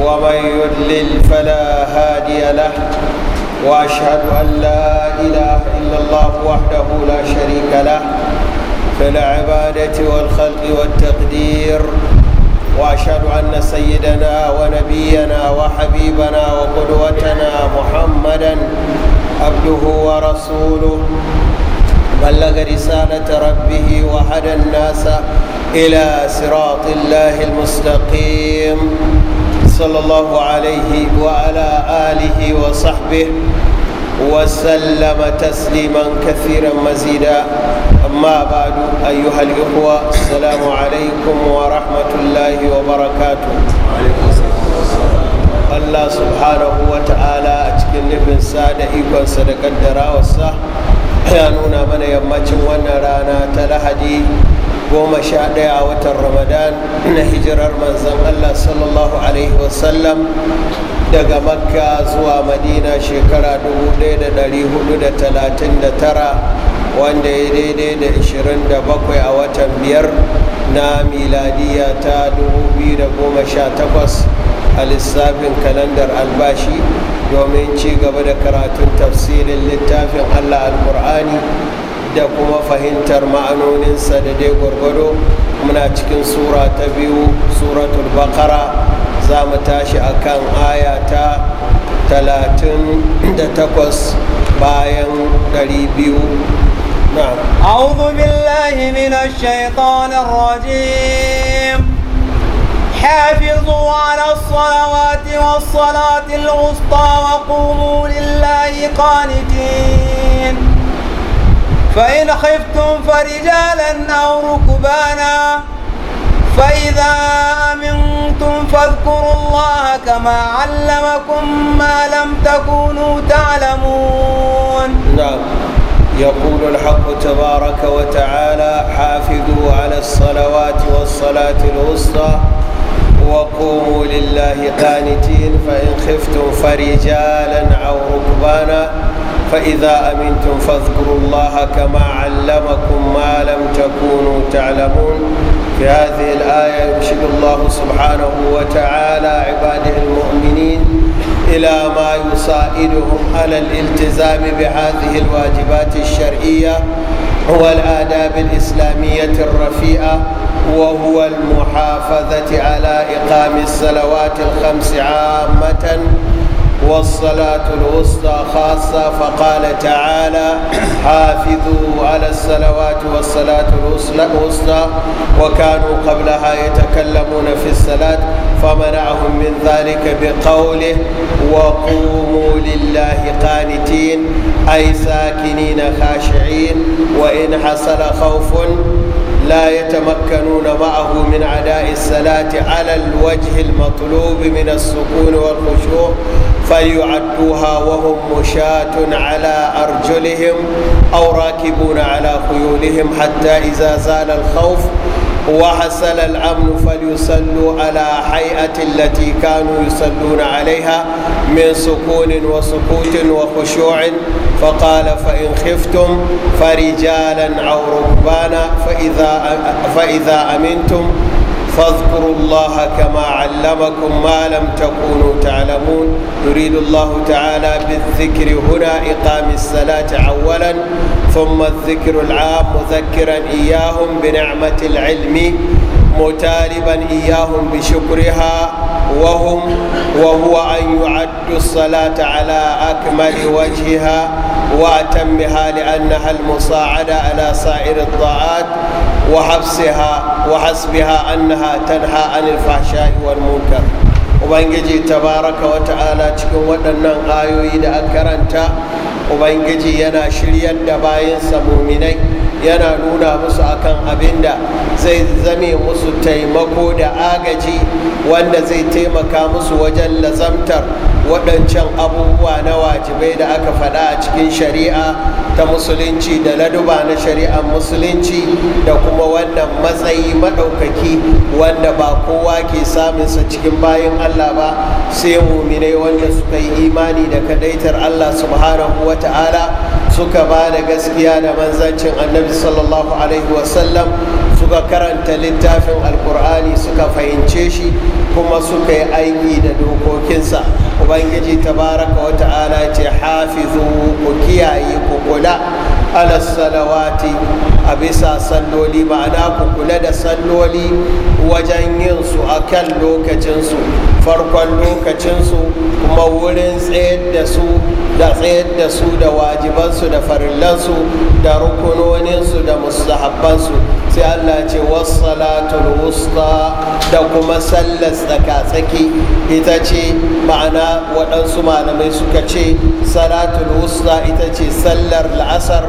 ومن يضلل فلا هادي له واشهد ان لا اله الا الله وحده لا شريك له في العباده والخلق والتقدير واشهد ان سيدنا ونبينا وحبيبنا وقدوتنا محمدا عبده ورسوله بلغ رساله ربه وهدى الناس الى صراط الله المستقيم صلى الله عليه وعلى آله وصحبه وسلم تسليما كثيرا مزيدا أما بعد أيها الإخوة السلام عليكم ورحمة الله وبركاته Allah subhanahu wa ta'ala a cikin nufin sa da ikonsa da kaddara ya nuna mana yammacin wannan rana ta lahadi goma sha ɗaya watan ramadan na hijirar manzan allah sallallahu alaihi wasallam daga makka zuwa madina shekara 1439 wanda ya daidai da 27 a watan biyar na miladiya ta 2018 a lissafin kalandar albashi domin ci gaba da karatun tafsirin littafin allah al-qur'ani da kuma fahimtar ma'anoninsa da dai gwargwado muna cikin sura ta biyu suratul bakara za mu tashi a kan aya ta 38 bayan 200 na'am a'udhu billahi minash shaitanir حافظوا على الصلوات والصلاة الوسطى وقوموا لله قانتين فإن خفتم فرجالا أو ركبانا فإذا أمنتم فاذكروا الله كما علمكم ما لم تكونوا تعلمون نعم يقول الحق تبارك وتعالى حافظوا على الصلوات والصلاة الوسطى وقوموا لله قانتين فإن خفتم فرجالا أو ركبانا فإذا أمنتم فاذكروا الله كما علمكم ما لم تكونوا تعلمون في هذه الآية يرشد الله سبحانه وتعالى عباده المؤمنين إلى ما يصائدهم على الالتزام بهذه الواجبات الشرعية هو الآداب الإسلامية الرفيئة وهو المحافظة على إقام الصلوات الخمس عامةً والصلاة الوسطى خاصة فقال تعالى حافظوا على الصلوات والصلاة الوسطى وكانوا قبلها يتكلمون في الصلاة فمنعهم من ذلك بقوله وقوموا لله قانتين أي ساكنين خاشعين وإن حصل خوف لا يتمكنون معه من عداء الصلاة على الوجه المطلوب من السكون والخشوع فليعدوها وهم مشاة على أرجلهم أو راكبون على خيولهم حتى إذا زال الخوف وحصل الأمن فليصلوا على حيئة التي كانوا يصلون عليها من سكون وسكوت وخشوع فقال فإن خفتم فرجالا أو ركبانا فإذا, فإذا أمنتم فاذكروا الله كما علمكم ما لم تكونوا تعلمون يريد الله تعالى بالذكر هنا إقام الصلاة أولا ثم الذكر العام مذكرا إياهم بنعمة العلم مطالبا إياهم بشكرها وهم وهو أن يعد الصلاة على أكمل وجهها وأتمها لأنها المساعدة على سائر الطاعات وحبسها وحسبها أنها تنهى عن الفحشاء والمنكر ubangiji tabaraka wa ta'ala cikin waɗannan ayoyi da an karanta ubangiji yana shiryar da bayansa muminai yana nuna musu akan abin da zai zame musu taimako da agaji wanda zai taimaka musu wajen lazamtar waɗancan abubuwa na wajibai da aka faɗa a cikin shari'a ta musulunci da laduba na shari'ar musulunci da kuma wannan matsayi maɗaukaki wanda ba kowa ke samunsa cikin bayan allah ba sai muminai wanda suka yi imani da kadaitar allah subhanahu wa ta'ala suka ba da gaskiya da manzancin annabi sallallahu alaihi wasallam suka karanta littafin alkur'ani suka fahimce shi kuma suka yi aiki da dokokinsa ubangiji tabaraka wa ta'ala ce hafizu ku kiyaye ku kula ala salawati a bisa salloli ma'ana ku kula da salloli wajen yin su a kan lokacinsu farkon lokacinsu kuma wurin tsayar da su da tsayar da su da wajibansu da farillansu da rukunoninsu da mustahabbansu sai allah ce wassalatul wusta da kuma sallar tsaka-tsaki ita ce ma'ana waɗansu malamai suka ce salatul wusta ita ce sallar la'asar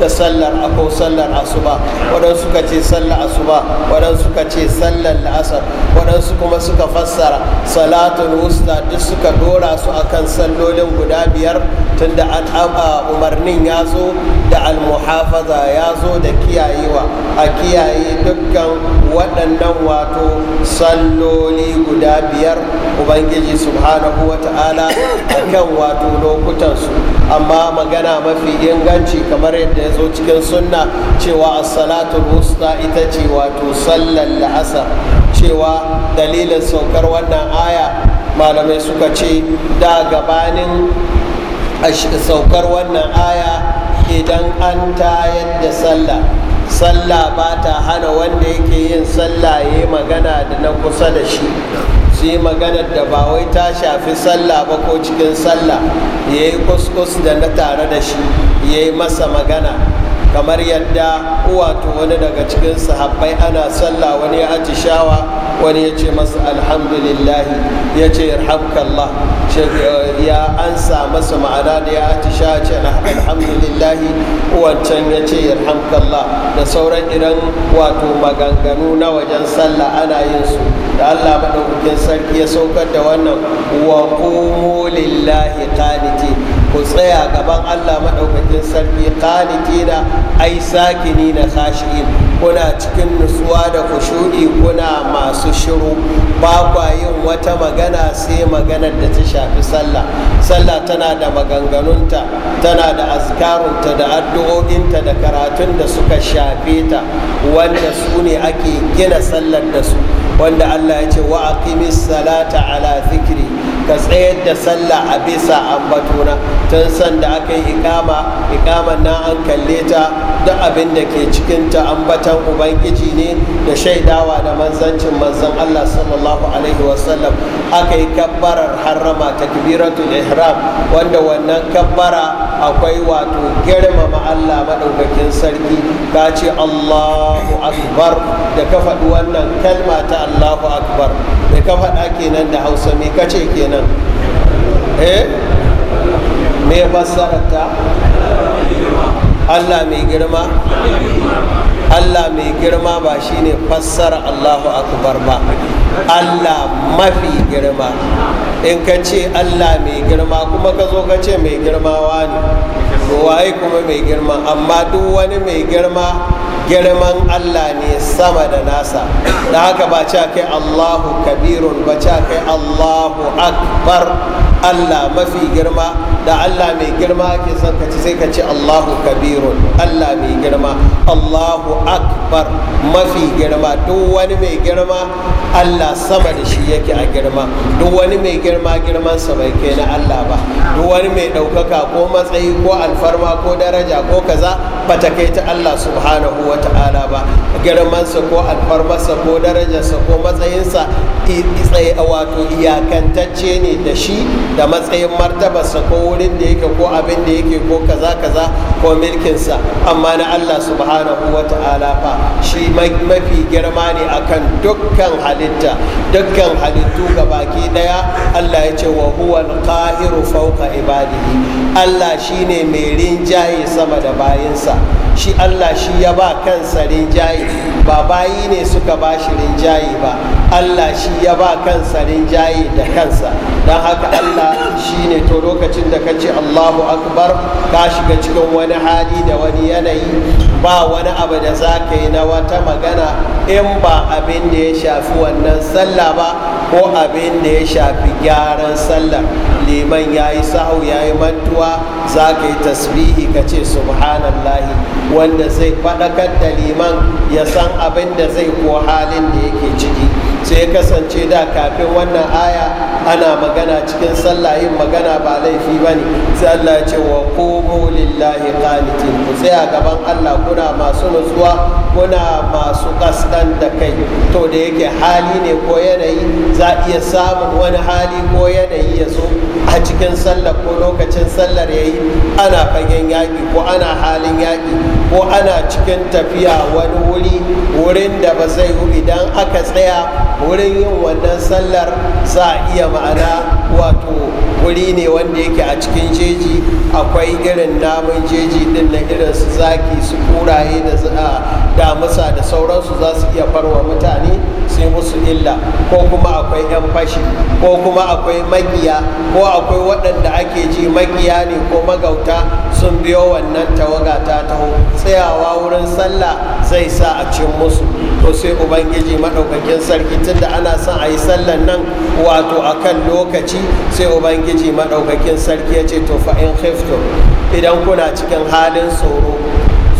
da sallar akwai sallar asuba waɗansu suka ce sallar asuba waɗansu suka ce sallar la'asar waɗansu kuma suka fassara salatul wusta duk suka dora su akan sallolin guda biyar tunda an umarnin ya zo da almuhafaza ya zo da kiyayewa a kiyaye dukkan waɗannan wato salloli guda biyar ubangiji subhanahu wa ta'ala a kan wato lokutansu amma magana mafi inganci kamar yadda zo cikin sunna cewa salatul wusta ita ce wato sallar la'asar cewa dalilin saukar wannan aya malamai suka ce da gabanin saukar wannan aya idan an tayar da sallah sallah ba ta hana wanda yake yin sallah ya magana da na kusa da shi su maganar da ba wai ta shafi sallah ba ko cikin sallah ya yi kuskus da na tare da shi ya yi masa magana kamar yadda wato wani daga cikin sahabbai ana sallah wani ya aji shawa wani ya ce masa alhamdulillahi ya ce yarhamkallah eh, ya ansa masa ma'ana da ya aji shawa ce alhamdulillahi wancan ya ce yarhamkallah da sauran idan wato maganganu na wajen sallah ana yin su da Allah madaukakin sarki ya saukar da wannan wa qumu lillahi qanitin ku tsaya gaban Allah maɗaukakin sarki na ai ni na khashi'in kuna cikin nutsuwa da ku shuɗi kuna masu shiru ba kwa yin wata magana sai maganar da ta shafi sallah sallah tana da maganganunta tana da azkarunta da addu'o'inta da karatun da suka shafe ta wanda su ne ake gina sallar da su wanda Allah ya ce wa aqimis salata ala zikri ka tsayar da sallah a bisa ambatuna tun sanda aka yi ikama na an kalle ta duk abin da ke cikin ta ambatan ubangiji ne da shaidawa da manzancin manzan allah sallallahu alaihi wasallam aka yi kabbarar harrama takbiratul ihram wanda wannan kabbara akwai wato girmama Allah maɗaukakin sarki ka ce Allahu akbar da ka faɗi wannan kalma ta Allahu akbar da ka faɗa kenan da hausa me ka ce kenan eh me fassararta Allah mai girma allah mai girma ba shine fassara allahu akbar ba allah mafi girma in ka ce allah mai girma kuma ka zo ka ce mai girmawa ne waye kuma mai girma amma duk wani mai girma girman allah ne sama da nasa da haka ba ca kai allahu kabirun ba ca kai allahu akbar allah mafi girma da Allah mai girma ke son ka ci sai ka ci Allahu kabiru. Allah mai girma Allahu akbar mafi girma duk wani mai girma Allah sama da shi yake a girma duk wani mai girma girman sa bai kai na Allah ba duk wani mai ɗaukaka ko matsayi ko alfarma ko daraja ko kaza ba ta kai ta Allah subhanahu wa ta'ala ba sa ko sa ko sa ko matsayinsa wato iyakantacce ne da shi da matsayin sa ko wurin da yake ko abin da yake ko kaza kaza ko milkinsa amma na allah subhanahu wa ta'ala fa shi mafi girma ne akan dukkan halitta dukkan halittu ga baki daya allah ya ce wa huwa qahiru fawqa ibadihi allah shine mai rinjaye sama da bayinsa shi allah shi ya ba kansa rinjaye ba bayi ne suka ba shi rinjaye ba allah shi ya ba kansa rinjaye da kansa don haka allah shi ne to lokacin da ka ce allahu akbar ka shiga cikin wani hali da wani yanayi ba wani abu da za ka yi na wata magana in ba abin da ya shafi wannan sallah ba ko abin da ya shafi gyaran sallah liman ya yi sahu ya yi mantuwa za ka yi tasbihi ka ce subhanallahi wanda zai faɗakar da liman ya san abin da zai ko halin da yake ciki sai kasance da kafin wannan aya ana magana cikin sallah yin magana ba laifi ba ne sai Allah ce wa qumu lillahi qanitin ku a gaban Allah kuna masu nutsuwa kuna masu kasdan da kai to da yake hali ne ko yanayi za iya samun wani hali ko yanayi ya zo a cikin sallar ko lokacin sallar ya yi ana fagen yaƙi ko ana halin yaƙi ko ana cikin tafiya wani wuri wurin da ba zai yi idan aka tsaya wurin yin wannan sallar za a iya ma'ana wato wuri ne wanda yake a cikin jeji akwai irin namun jeji din na irin su zaki su kuraye da damusa da sauransu za su iya farwa mutane sai musu illa ko kuma akwai 'yan fashi ko kuma akwai magiya ko akwai waɗanda ake ji magiya ne ko magauta sun biyo wannan tawaga ta taho tsayawa wurin sallah zai sa a cin musu to sai ubangiji maɗaukakin sarki tunda ana son a yi sallan nan wato a kan lokaci sai ubangiji maɗaukakin sarki ya ce to fa'in idan kuna cikin halin tsoro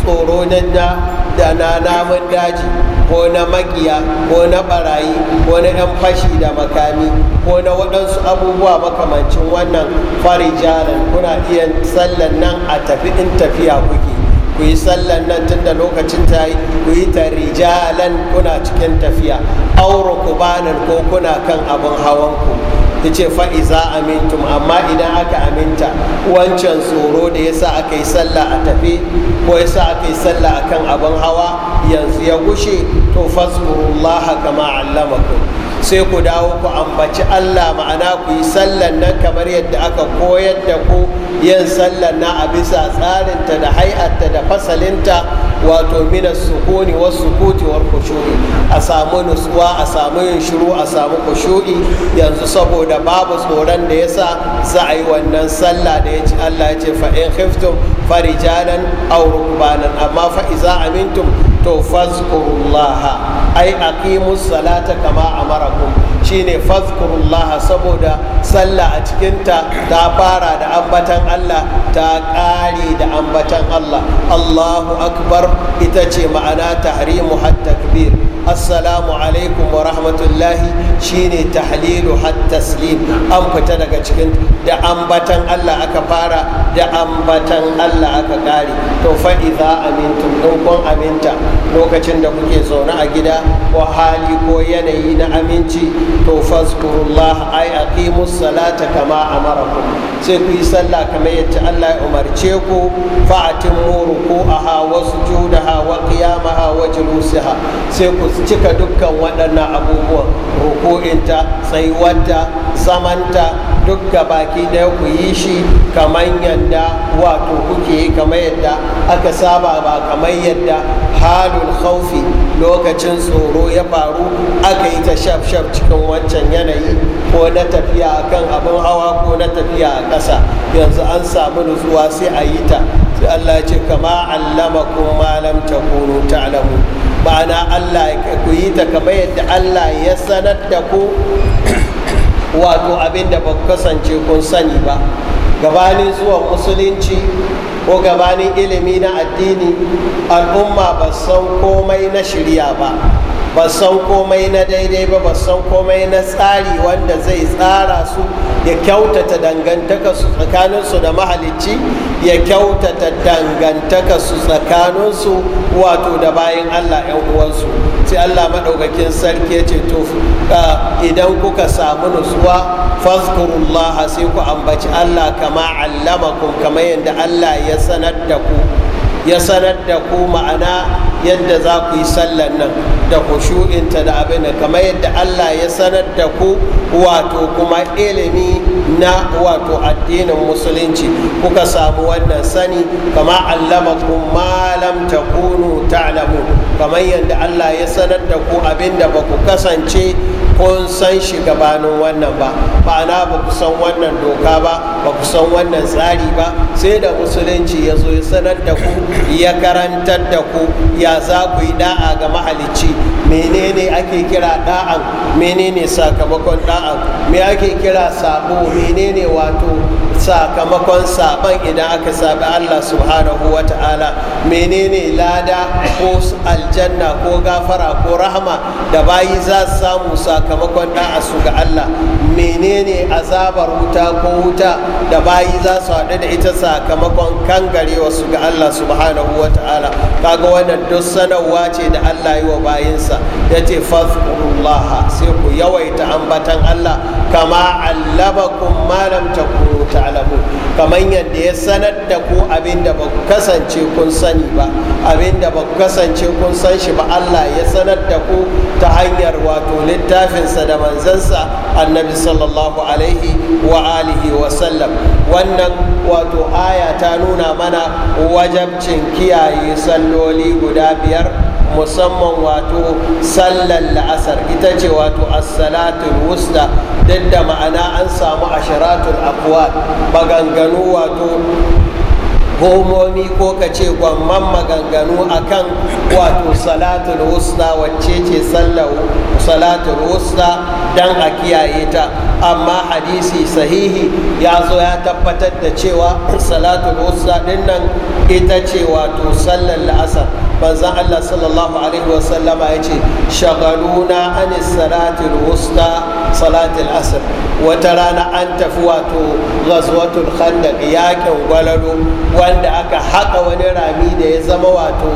tsoro na namun daji ko na magiya ko na barayi ko na 'yan fashi da makami ko na waɗansu abubuwa makamancin wannan farijalan kuna iya sallan nan a tafi in tafiya kuke ku yi sallan nan tun da lokacin ta yi ku yi ta rijalan kuna cikin tafiya auro ku banan ko kuna kan abin hawan ku. ta ce fa'iza amintum amma idan aka aminta wancan tsoro da ya sa aka yi sallah a tafi ko ya sa aka yi sallah a kan abin hawa yanzu ya gushe to fasburullaha kama ku. sai ku dawo ku ambaci Allah ma'ana ku yi sallan nan kamar yadda aka koyar da ku yin sallan na a bisa tsarinta da hai'atta da fasalinta wato mina sukuni wa sukuti wa kushu'i a samu nutsuwa a samu yin shiru a samu kushu'i yanzu saboda babu tsoron da yasa za a yi wannan sallah da ya ci Allah ya ce fa in khiftum farijanan aw rukbanan amma fa iza amintum to fazkurullaha ai aqimus salata kama amarakum shine fazkurullaha saboda sallah a cikinta ta fara da ambatan Allah ta ƙare da ambatan Allah Allahu akbar ita ce ma'ana tahrimu hat takbir assalamu alaikum wa rahmatullahi shine tahlilu har taslim an fita daga cikin da ambatan Allah aka fara da ambatan Allah aka kare to fa idza amintum dokon aminta lokacin da kuke zaune a gida ko hali ko yanayi na aminci to fazkurullah ai aqimus salata kama marakun sai ku yi sallah kamar yadda Allah ya umarce ku a hawa su juda hawa qiyamaha hawa julusaha sai ku cika dukkan waɗannan abubuwan ruku'inta tsayuwarta zamanta duk baki ɗaya ku yi shi kamar yadda wato kuke yi kamar yadda aka saba ba kamar yadda halun haufi lokacin tsoro ya faru aka yi ta shaf shaf cikin wancan yanayi ko na tafiya akan abin hawa ko na tafiya a ƙasa yanzu an samu nutsuwa sai a yi ta sai Allah ce kama allama kuma lam ta alamu. ma'ana Allah ku yi ta kamar yadda Allah ya sanar da ku wato abin da ba kasance kun sani ba gabanin zuwa musulunci ko gabanin ilimi na addini al'umma ba san komai na shirya ba ba san komai na daidai ba ba san komai na tsari wanda zai tsara su ya kyautata dangantaka su tsakaninsu da mahalicci ya kyautata dangantaka su tsakaninsu wato da bayan allah yan uwansu sai allah maɗaukakin sarki ya ce to idan kuka samu nutsuwa fazkurullah sai ku ambaci allah kama allamakum kamar yadda allah ya sanar da ku ya sanar da ku ma'ana yadda za ku yi sallan nan da ku shu'inta da abin da kamar yadda Allah ya sanar da ku wato kuma ilimi na wato addinin musulunci kuka samu wannan sani kama malam ta lam ta ta'lamu kamar yadda Allah ya sanar da ku abin da ba ku kasance kun san shi gabanin wannan ba ma'ana ba ku san wannan doka ba ba ku san wannan tsari ba sai da musulunci ya zo ya sanar da ku ya karantar da ku ya za ku yi da'a ga mahalicci menene ake kira da'an menene sakamakon da'an me ake kira sabo menene wato sakamakon saban idan aka sabi Allah subhanahu wa ta'ala menene lada ko aljanna ko gafara ko rahama da bayi za su samu sakamakon sakamakon su ga Allah menene azabar wuta ko wuta da bayi za su haɗu da ita sakamakon kangarewa su ga Allah subhanahu wa ta'ala kaga wannan duk sanarwa ce da Allah yi wa bayinsa ya ce fazkurullaha sai ku yawaita ambatan Allah kama kun malam ta takunu ta'lamun kamar yadda ya sanar da ku abin da ba kasance kun sani ba abin ba kasance kun san shi ba Allah ya sanar da ku ta hanyar wato littafinsa da manzansa annabi sallallahu alaihi wa alihi wa sallam wannan wato aya ta nuna mana wajabcin kiyaye salloli guda biyar musamman wato sallar la'asar ita ce wato as-salatul wusta duk da ma'ana an samu ashiratul akwal maganganu wato homomi ko ka ce gwamman maganganu akan wato salatul wusta wacce ce salatul wusta dan a kiyaye ta amma hadisi sahihi ya zo ya tabbatar da cewa salatul wusta din nan ita ce wato sallar la'asar manzan allah sallallahu alaihi wasallama ya ce shagaluna an salatul wusta salatul asr wata rana an tafi wato ghazwatul khandaq yakin gwalalo wanda aka haƙa wani rami da ya zama wato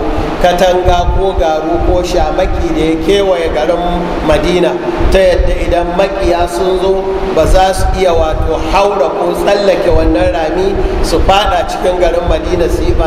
katanga ko garu ko shamaki da ya kewaye garin madina ta yadda idan makiya sun zo ba za su iya wato haura ko tsallake wannan rami su fada cikin garin madina su yi ko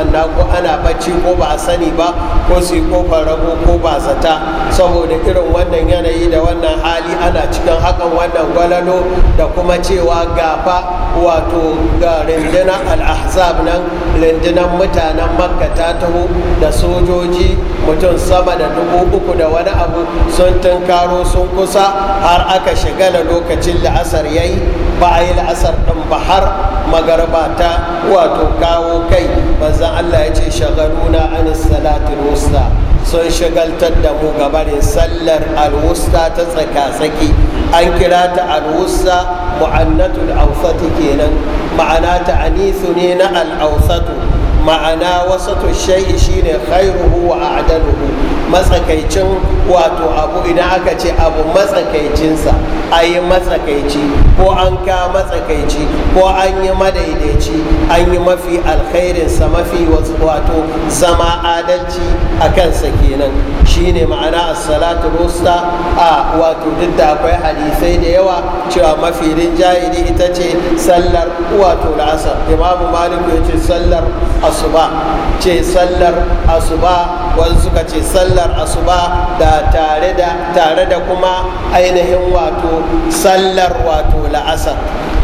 ana bacci ko ba a sani ba ko su yi kofar ko ba zata saboda irin wannan yanayi da wannan hali ana cikin hakan wannan gwalalo da kuma cewa gafa wato ga rindina al'ahzab nan rindinan mutanen makka ta taho da sojoji mutum sama da dubu uku da wani abu sun tunkaro sun kusa har aka shiga da lokacin la'asar yayi ba a yi la'asar ɗin ba har ta wato kawo kai manzan allah ya ce shagaluna an salatin wusta sun shagaltar da mu gabanin sallar alwusta ta tsaka-tsaki an kira ta alwusta mu'annatul ausatu kenan ma'ana ta anisu ne na al'ausatu ma'ana wasatu shai'i shine khairuhu wa a'daluhu matsakaicin wato abu idan aka ce abu matsakaicinsa a yi matsakaici ko an ka matsakaici ko an yi madaidaici an yi mafi alkhairinsa mafi wato zama adalci a kansa kenan shine ma'ana assalatu rusta a wato duk da akwai hadisai da yawa cewa mafi rinjaye ne ita ce sallar wato la'asar imamu maliku ya ce sallar asuba ce sallar asuba wani suka ce sallar sallar asuba da tare da kuma ainihin wato sallar wato la'asar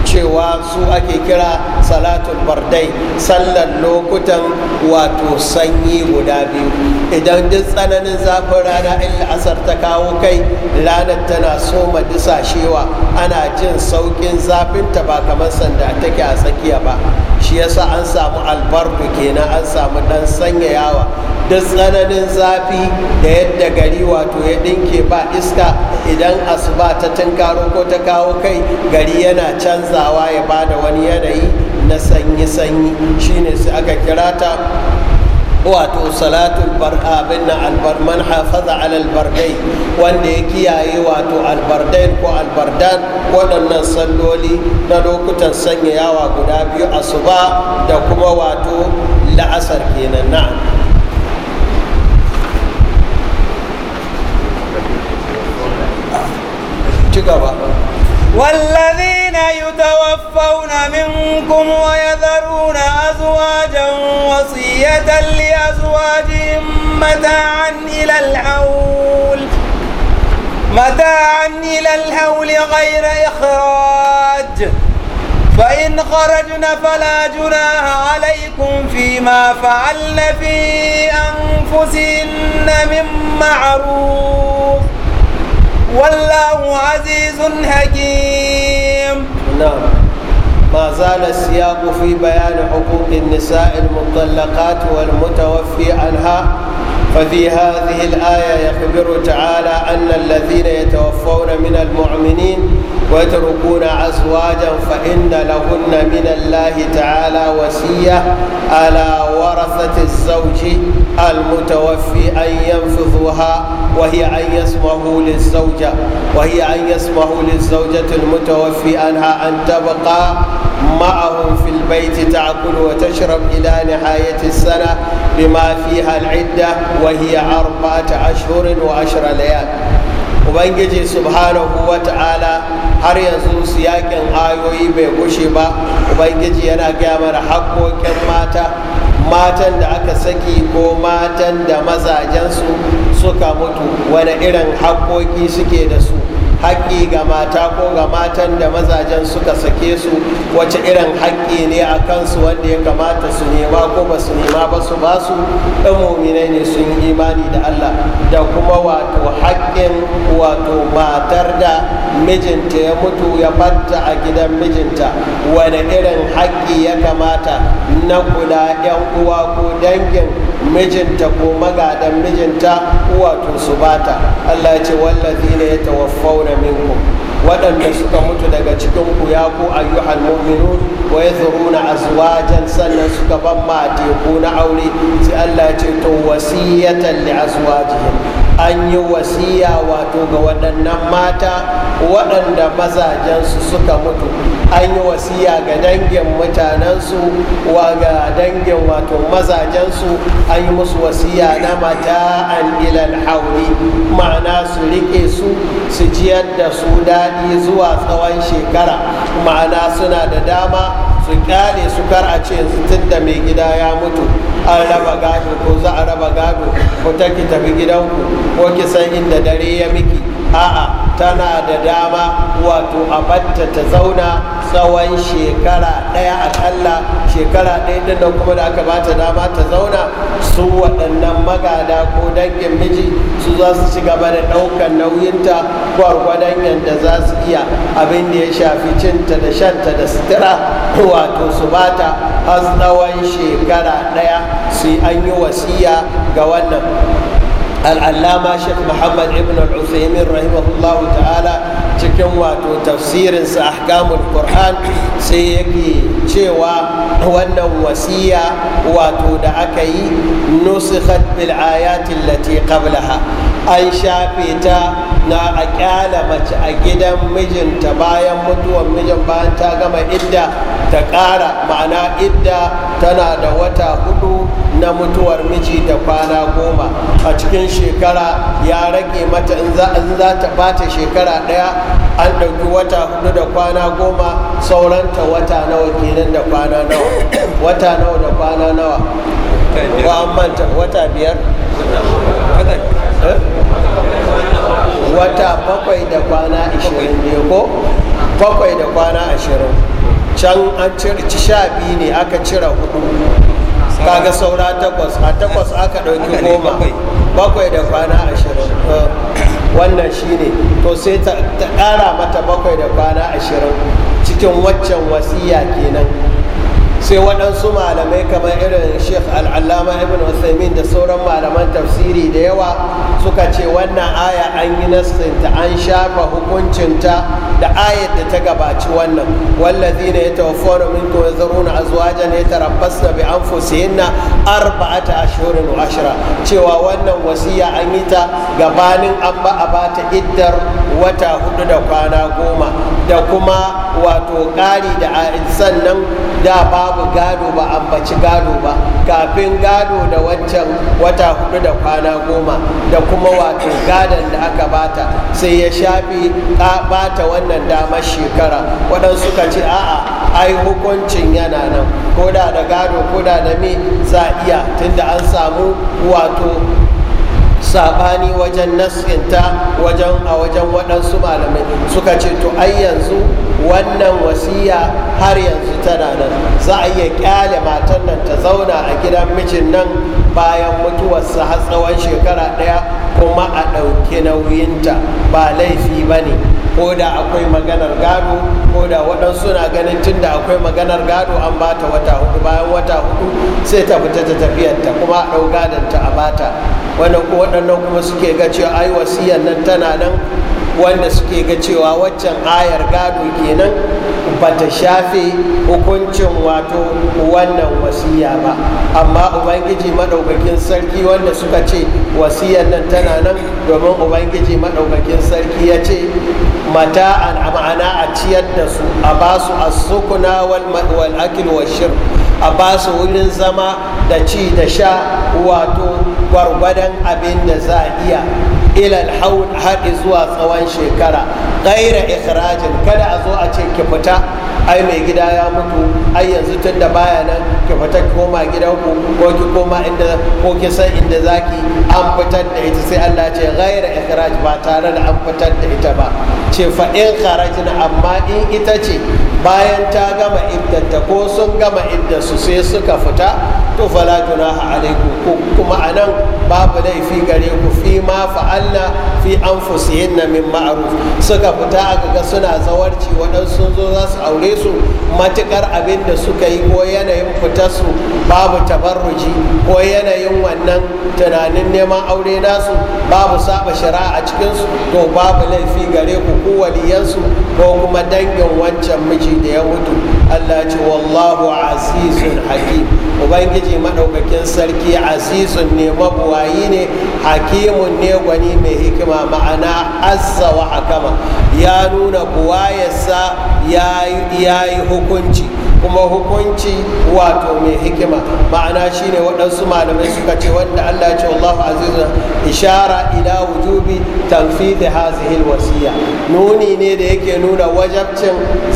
cewa su ake kira salatul bardai sallar lokutan wato sanyi guda biyu idan duk tsananin zafin rana in la'asar ta kawo kai lanar tana ma disashewa ana jin saukin zafinta ba kamar sanda take a tsakiya ba shi yasa an samu albarku kenan an samu dan sanyayawa Duk tsananin zafi da yadda gari wato ya ɗinke ba iska idan asuba ta tunkaro ko ta kawo kai gari yana canza canzawa ya bada wani yanayi na sanyi-sanyi shine sai aka kira ta wato salatul abin na albarman hafaza al-albardai wanda ya kiyaye wato albardai ko albardan waɗannan salloli na lokutan sanyayawa guda biyu a asuba da kuma wato la'asar kenan na ci gaba منكم ويذرون أزواجا وصية لأزواجهم متاعا إلى الحول متاعا إلى الحول غير إخراج فإن خرجن فلا جناح عليكم فيما فعلن في أنفسهن من معروف والله عزيز حكيم الله نعم. ما زال السياق في بيان حقوق النساء المطلقات والمتوفي عنها ففي هذه الآية يخبر تعالى أن الذين يتوفون من المؤمنين ويتركون أزواجا فإن لهن من الله تعالى وسية على ورثة الزوج المتوفي أن ينفذوها وهي أن يسمحوا للزوجة وهي أن يسمحوا للزوجة المتوفي أنها أن تبقى معهم في البيت تأكل وتشرب إلى نهاية السنة بما فيها العدة وهي أربعة أشهر وعشر ليال وبنجي سبحانه وتعالى har yanzu su yakin ayoyi bai gushe ba ubangiji yana gaya mana haƙƙoƙin mata matan da aka saki ko matan da mazajensu suka mutu wani irin haƙƙoƙi suke da su haƙƙi ga mata ko ga matan da mazajen suka sake su wace irin haƙƙi ne a kansu wanda ya kamata su nema ko ba su nema ba su ba su ɗan muminai ne sun yi imani da Allah da kuma wato haƙƙin wato matar da mijinta ya mutu ya fatta a gidan mijinta wani irin haƙƙi ya kamata na kula 'yan uwa ko dangin mijinta ko magadan mijinta wato su bata Allah ya ce wallazi ne ya tawaffau na minkum waɗanda suka mutu daga cikin ku ya ku ayyuhal mu'minun wa yadhuruna azwajan sannan suka ban ma teku na aure sai Allah ya ce to wasiyatan li azwajihim an yi wasiya wato ga waɗannan mata waɗanda mazajensu suka mutu an yi wasiya ga dangin mutanensu wa ga dangin wato mazajensu an yi musu wasiya na mata an ilal hauri ma'ana su riƙe su su jiyar da su daɗi zuwa tsawon shekara ma'ana suna da dama su kyale su kar a ce tun da mai gida ya mutu an raba gado ko za a raba gado ko ta ki tafi gidanku ko ki san inda dare ya miki a'a tana da dama wato a batta ta zauna tsawon shekara ɗaya akalla shekara ɗaya din nan kuma da aka ba ta dama ta zauna su waɗannan magada ko dangin miji su za su ci gaba da ɗaukan nauyinta gwargwadon yadda za su iya abin da ya shafi cinta da shanta da sutura wato su bata har tsawon shekara ɗaya sai an yi wasiya ga wannan al'allama shek muhammad ibn al-uthaymin rahimahullahu ta'ala cikin wato tafsirin sa ahkamul qur'an sai yake cewa wannan wasiya wato da aka yi nusikhat bil ayati allati qablaha an shafe ta na a kyala mace a gidan mijinta bayan mutuwan mijin bayan ta gama idda ta ƙara ma'ana idda tana da wata hudu na mutuwar miji da kwana goma a cikin shekara ya rage mata in za ta bata shekara ɗaya an ɗauki wata hudu da kwana goma sauranta wata nawa kenan da kwana nawa wata nawa da kwana nawa ko an manta wata biyar Eh? wata bakwai da kwana ashirin ne ko bakwai da kwana ashirin can an circi sha biyu ne aka cira hudu kaga saura takwas a takwas aka ɗauki goma bakwai da kwana ashirin eh, wannan shine to sai ta ƙara mata bakwai da kwana ashirin cikin waccan wasiya kenan sai waɗansu malamai kamar irin sheikh al'allama ibn usaimin da sauran malaman tafsiri da yawa suka ce wannan aya an yi nasinta an shafa hukuncinta da ayar da ta gabaci wannan wallazi ne ya tawaffaru min kuma na azuwajen ya tarabbasna bi anfusihinna arba'ata ashhurin wa ashira. cewa wannan wasiya an yi ta gabanin an ba a ba ta iddar wata hudu da kwana goma da kuma wato ƙari da a nan da babu gado ba ambaci gado ba kafin gado da waccan wata hudu da kwana goma da kuma wato gadon da aka bata sai ya shafi bata wannan damar shekara waɗansu ka ce a'a ai hukuncin yana nan ko da gado ko da da me za iya tunda an samu wato sabani wajen naskinta wajen a wajen waɗansu malamai suka ce to ai yanzu wannan wasiya har yanzu tana nan za a iya kyale matan nan ta zauna a gidan mijin nan bayan mutuwarsa har tsawon shekara ɗaya kuma a ɗauki nauyinta ba laifi ba ne ko da akwai maganar gado ko da waɗansu na ganin tun da akwai maganar gado an ba ta wata hudu bayan wata hudu sai ta fita ta tafiyarta kuma a ɗau gadonta a bata ta waɗannan kuma suke ga cewa ai wasiyar nan tana nan wanda suke ga cewa waccan ayar gado kenan bata shafe hukuncin wato wannan wasiya ba amma ubangiji maɗaukakin sarki wanda suka ce wasiyar nan tana nan domin ubangiji maɗaukakin sarki ya ce mata a ma'ana a ciyar da su a ba su asukuna wal akil wa shir a ba su wurin zama da ci da sha wato gwargwadon abin da za a iya ilal alhaul har zuwa tsawon shekara gaira ikhrajin kada a zo a ce ki fita ai mai gida ya mutu ai yanzu tun da baya nan ki fita ki koma gidanku ko ki koma inda ko ki san inda zaki an fitar da ita sai Allah ce gaira ikhraj ba tare da an fitar da ita ba ce fa in kharajna amma in ita ce bayan ta gama iddanta ko sun gama su, sai suka fita to fala junaha alaikum kuma anan babu laifi gare ku fi ma fa'al yata'afanna fi anfusihinna min ma'aruf suka fita a ga suna zawarci waɗansu sun zo za su aure su matuƙar abin da suka yi ko yanayin fitarsu babu tabarruji ko yanayin wannan tunanin neman aure nasu babu saba shari'a a cikinsu to babu laifi gare ku ku waliyansu ko kuma dangin wancan miji da ya mutu allah ce wallahu azizun hakim ubangiji maɗaukakin sarki azizun ne mabuwayi ne hakimun ne gwani mai hikima ma'ana azza wa akama ya nuna buwayarsa ya yi hukunci kuma hukunci wato mai hikima ma'ana shine waɗansu malamai suka ce wanda Allah ya ce wallahu ishara ila wujubi tanfidhi hazihil wasiya nuni ne da yake nuna wajabcin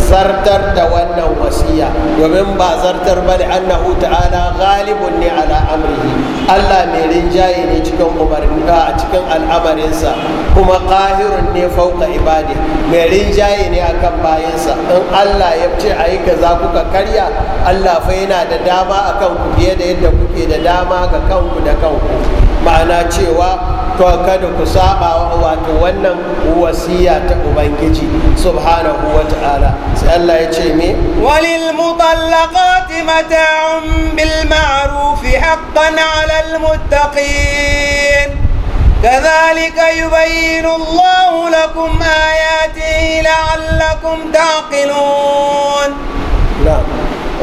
zartar da wannan wasiya domin ba zartar bane annahu ta'ala ghalibun ne ala amrihi Allah mai rinjaye ne cikin umarni a cikin al'amarinsa kuma qahirun ne fauka ibadi mai rinjaye ne akan bayansa in allah ya ce a yi kaza kuka karya allah fa yana da dama a kanku fiye da yadda kuke da dama ga kanku da kanku ma'ana cewa to kada ku saba wato wannan wasiya ta ubangiji subhanahu wa ta'ala sai Allah ya ce me walil mutallaqati mata'un bil ma'ruf haqqan al muttaqin كذلك يبين الله لكم آياته لعلكم تعقلون نعم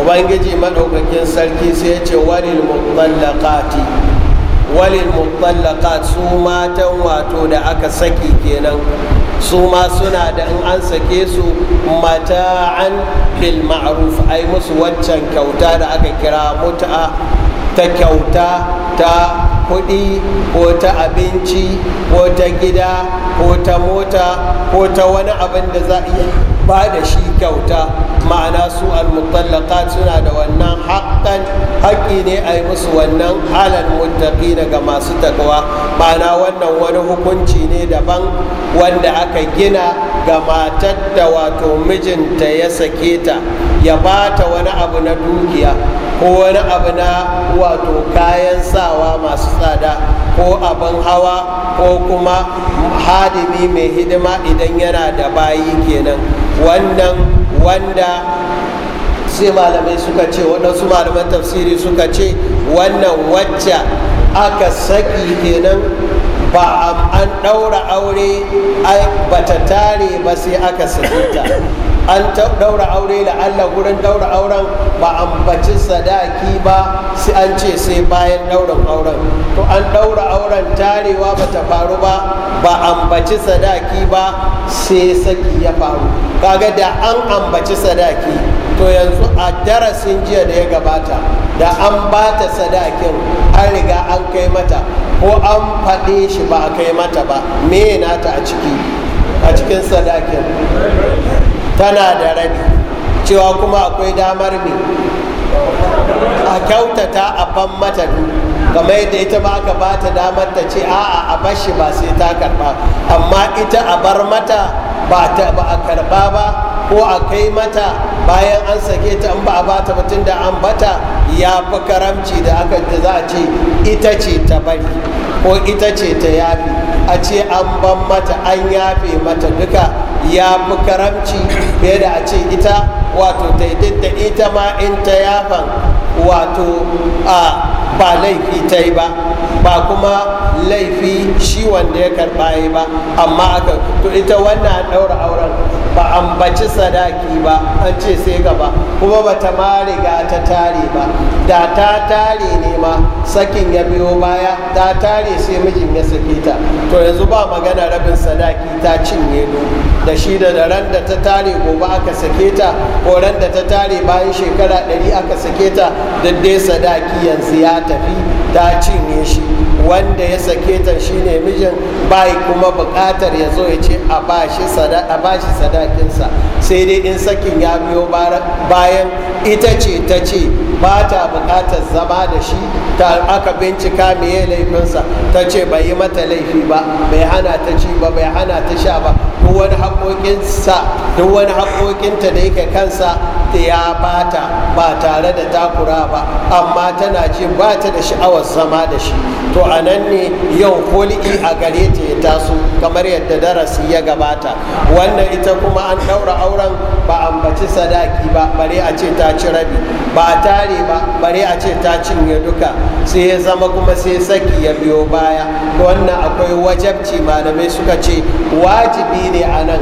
وبنجي من هو كان سلكي سيتي وللمطلقات وللمطلقات su matan wato da aka saki kenan su ma suna da in an sake su mata'an bil ma'ruf ai musu waccan kyauta da aka kira mut'a ta kyauta ta kuɗi ko ta abinci ko ta gida ko ta mota ko ta wani abin da za a iya ba da shi kyauta ma'ana su almuttallaqat suna da wannan haƙƙan haƙƙi ne a yi musu wannan halar mutaki daga masu takawa ma'ana wannan wani hukunci ne daban wanda aka gina ga matar da wato mijinta ya sake ta ya ba ta wani abu na dukiya ko wani abu na wato kayan sawa masu tsada ko abin hawa ko kuma hadimi mai hidima idan yana da bayi kenan wannan wanda sai malamai suka ce waɗansu malaman tafsiri suka ce wannan wacce aka saki kenan ba an ɗaura aure ba ta tare ba sai aka saki ta an ɗaura aure da allah gurin ɗaura auren ba ambaci sadaki ba sai an ce sai bayan ɗaurin auren to an ɗaura auren tarewa ba ta faru ba ba ambaci sadaki ba sai saki ya faru kaga da an ambaci sadaki to yanzu a darasin jiya da ya gabata da an bata sadakin an riga an kai mata ko an faɗe shi ba a kai mata ba me nata a ciki a cikin sadakin tana da rabi cewa kuma akwai damar me a kyautata a fan mata kamar yadda ita ma aka ba ta damar ta ce a'a a bashi ba sai ta karba amma ita a bar mata ba a karba ba ko a kai mata bayan an sake ta an ba a bata mutum da an bata ya fi karamci da aka da za a ce ita ce ta bari ko ita ce ta yafi a ce an ban mata an yafe mata duka ya fi karamci fiye da a ce ita wato ta ita ma in ta yafan wato a ba laifi ta yi ba ba kuma laifi shi wanda ya karba yi ba amma aka to ita wannan ɗaura auren ba ambaci sadaki ba an ce sai gaba kuma ba ta ma riga ta tare ba da ta tare ne ma sakin ya biyo baya ta tare sai mijin ya saki ta to yanzu ba magana rabin sadaki ta cinye dogo da shi da ran da ta tare gobe aka sake ta ko ran da ta tare bayan shekara ɗari aka sake ta dai sadaki yanzu ya tafi ta cinye shi wanda ya sake ta shi ne mijin bai kuma buƙatar ya zo ya ce a ba shi sadakinsa sai dai in sakin ya biyo bayan ita ce ta ce ba ta bukatar zama da shi ta aka bincika meye laifinsa ta ce bai yi mata laifi ba bai hana ta ci ba bai hana ta sha ba duk wani haƙoƙinsa duk wani haƙoƙinta da yake kansa ya bata ba tare da takura ba amma tana ce ba ta da sha'awar zama da shi to a nan ne yau kul'i a gare ta ya taso kamar yadda darasi ya gabata wannan ita kuma an ɗaura auren ba a ambaci sadaki ba bare a ce ta ci rabi ba a tare ba bare a ce ta cinye duka sai ya zama kuma sai saki ya biyo baya wannan akwai wajabci malamai suka ce wajibi ne a nan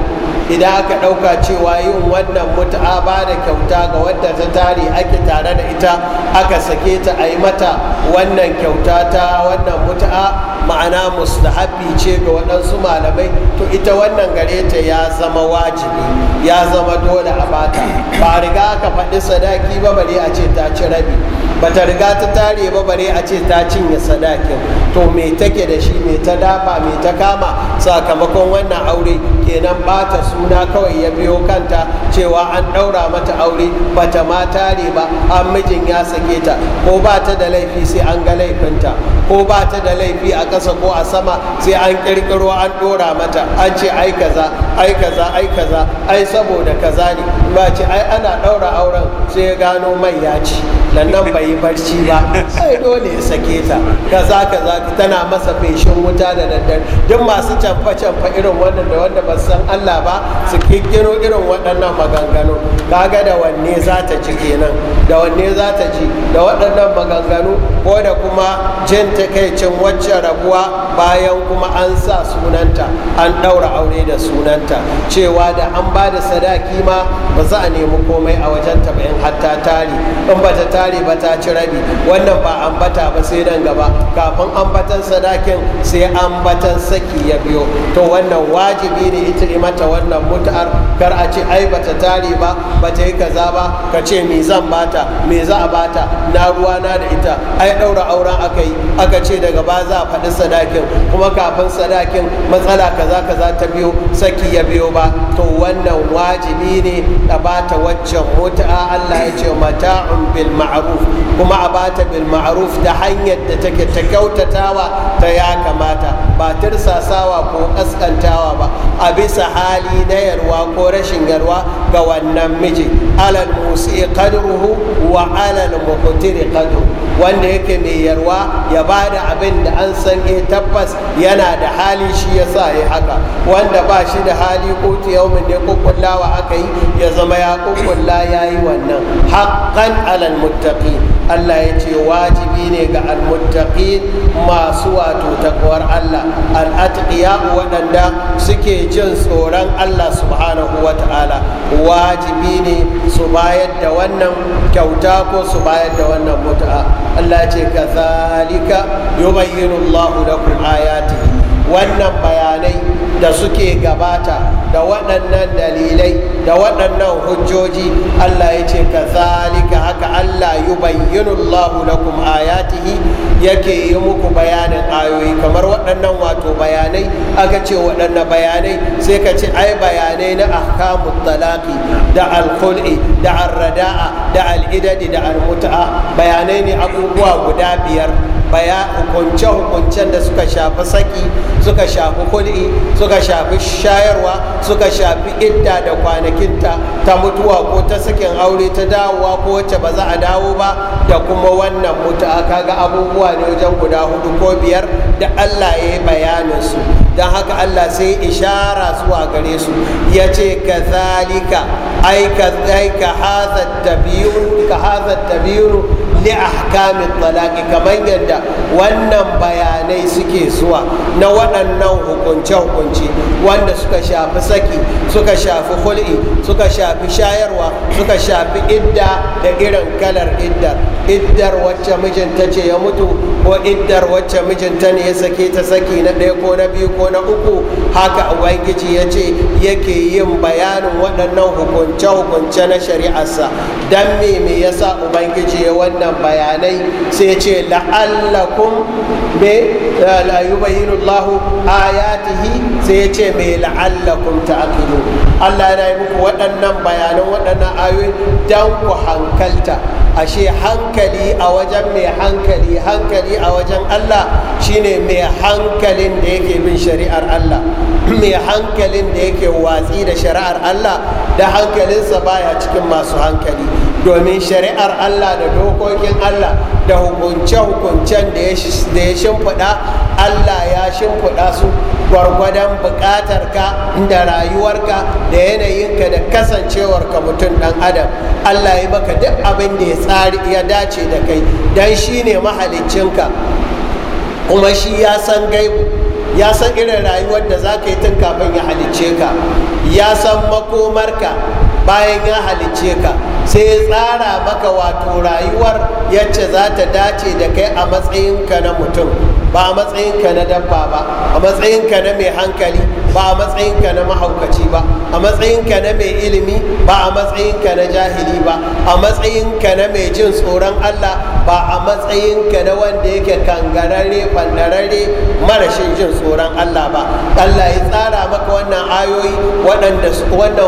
idan aka ɗauka cewa yin wannan mutu'a ba da kyauta ga wadda ta tare ake tare da ita aka sake ta a yi mata wannan kyauta ta wannan mutu'a ma'ana mustahabi ce ga waɗansu malamai to ita wannan gare ta ya zama wajibi ya zama dole a bata ba riga aka faɗi sadaki ba bare a ce ta ci rabi bata riga ta tare ba bare a ce ta cinye sadakin to me take da shi me ta dafa me ta kama sakamakon wannan aure kenan ba ta suna kawai ya biyo kanta cewa an ɗaura mata aure bata ma tare ba an mijin ya sake ta ko ba ta da laifi sai an ga laifinta ko ba ta da laifi a ƙasa ko a sama sai an ƙirƙiro an ɗora mata an ce ai kaza ai kaza ai kaza ai saboda kaza ne ba ce ai ana ɗaura auren sai ya gano mai ya ci nan nan bai yi barci ba sai dole ya sake ta kaza kaza tana masa feshin wuta da daddare duk masu canfa canfa irin wannan da wanda ba san Allah ba su kikkiro irin waɗannan maganganu kaga da wanne za ta ci kenan da wanne za ta ci da waɗannan maganganu ko da kuma jin takaicin wacce rabuwa bayan kuma an sa sunanta an ɗaura aure da sunanta cewa da an ba da sadaki ma ba za a nemi komai a wajen ta in hatta tare in ba ta tare ba ta ci rabi wannan ba ambata ba sai nan gaba kafin an ambatan sadakin sai an ambatan saki ya biyo to wannan wajibi ne ita mata wannan mutu'ar kar a ce ai ba ta tare ba ba ta yi kaza ba ka ce me zan bata me za a bata na ruwana da ita ai ya ɗaura auren aka yi aka ce daga ba za a faɗi sadakin kuma kafin sadakin matsala kaza kaza ta biyo saki ya biyo ba to wannan wajibi ne a bata waccan mut'a Allah ya ce mata'un bil ma'ruf kuma a bata bil ma'ruf ta hanyar da take ta kyautatawa ta ya kamata ba tirsasawa ko kaskantawa ba a bisa hali na yarwa ko rashin yarwa ga wannan miji alal musi qadruhu wa alal muqtiri qadru wanda yake mai yarwa ya ba da abin da an san eh tabbas yana da hali shi yasa ya haka wanda ba shi da hali ko yaumin ne kukkullawa aka yi ya zama ya kukkulla ya yi wannan haƙƙan alal muttaqin Allah ya ce wajibi ne ga almuttaqin masu wato takwar Allah al'atqiya waɗanda suke jin tsoron Allah subhanahu wa ta'ala wajibi ne su bayar da wannan kyauta ko su bayar da wannan mutu'a Allah ya ce kazalika yubayyinu Allahu lakum ayatihi wannan bayanai da suke gabata da waɗannan dalilai da waɗannan hujjoji Allah ya ce ka zalika haka Allah yi bayyinullahu lakum ayatihi yake yi muku bayanin ayoyi kamar waɗannan wato bayanai aka ce waɗannan bayanai sai ka ce ai bayanai na ahkamun talaki da alkul'i da arrada'a da al'idadi da almuta'a bayanai ne abubuwa guda biyar baya hukunce hukuncen da suka shafi saki suka shafi kul'i suka shafi shayarwa suka shafi idda da kwanakin ta ta mutuwa ko ta sakin aure ta dawowa ko wacce ba za a dawo ba da kuma wannan mutu'a kaga abubuwa ne wajen guda hudu ko biyar da allah ya yi su don haka allah sai ya ishara zuwa gare su ya ce ka zalika ai ka haza tabiyunu li ahkamin talaki kamar yadda wannan bayanai suke zuwa na waɗannan hukunce-hukunce wanda suka shafi saki suka shafi hul'i suka shafi shayarwa suka shafi idda da irin kalar iddar iddar wacce mijinta ce ya mutu ko iddar wacce mijinta ne ya sake ta saki na ɗaya ko na biyu ko na uku haka ubangiji ya ce yake yin bayanin waɗannan hukunce-hukunce na shari'arsa don me me yasa ubangiji ya wannan waɗannan bayanai sai ya ce la'allakum be la yubayyinu ayatihi sai ya ce me la'allakum ta'qilu Allah yana yi muku waɗannan bayanan waɗannan ayoyi dan ku hankalta ashe hankali a wajen mai hankali hankali a wajen Allah shine mai hankalin da yake bin shari'ar Allah mai hankalin da yake watsi da shari'ar Allah da hankalinsa baya cikin masu hankali domin shari'ar Allah da dokokin Allah da hukunce-hukuncen da ya shimfiɗa Allah ya shimfiɗa su gwargwadon buƙatarka da rayuwarka da yanayinka da kasancewarka mutum ɗan adam Allah ya maka duk abin da ya tsari ya dace da kai don shi ne mahaliccinka kuma shi ya san gaibu ya san irin rayuwar da za ka yi tun kafin ya halicce ka ya san makomarka bayan ya halicce ka sai ya tsara maka wato rayuwar yacce za ta dace da kai a matsayinka na mutum ba a matsayinka na dabba ba a matsayinka na mai hankali ba a matsayinka na mahaukaci ba a matsayinka na mai ilimi ba a matsayinka na jahili ba a matsayinka na mai jin tsoron allah ba a matsayinka na wanda yake kangararre fandararre marashin jin tsoron allah ba allah ya tsara maka wannan ayoyi wannan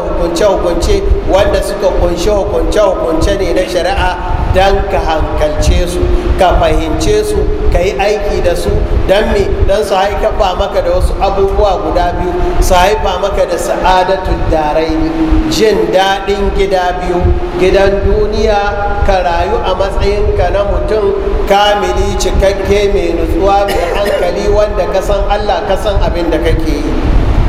hukunce-hukunce wanda suka kunshi hukunce-hukunce ne na shari'a don ka hankalce su ka fahimce su ka yi aiki da su don me don su haifa maka da wasu abubuwa guda biyu su haifa maka da sa'adatun darai jin daɗin gida biyu gidan duniya ka rayu a matsayinka na mutum kamili cikakke mai nutsuwa mai hankali wanda ka san allah ka san abin da kake yi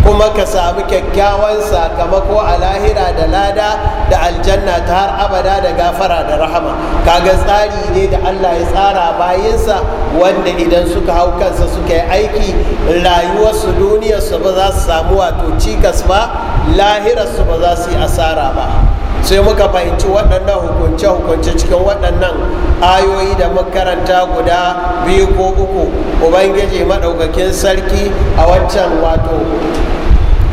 kuma ka samu kyakkyawan sakamako a lahira da lada da aljanna ta har abada da gafara da rahama kaga tsari ne da allah ya tsara bayansa wanda idan suka hau kansa suka yi aiki rayuwarsu duniyarsu ba za su samu wato cikas ba lahirarsu ba za su yi asara ba sai muka fahimci waɗannan hukunce-hukunce cikin waɗannan ayoyi da makaranta guda biyu ko uku ubangiji maɗaukakin sarki a wancan wato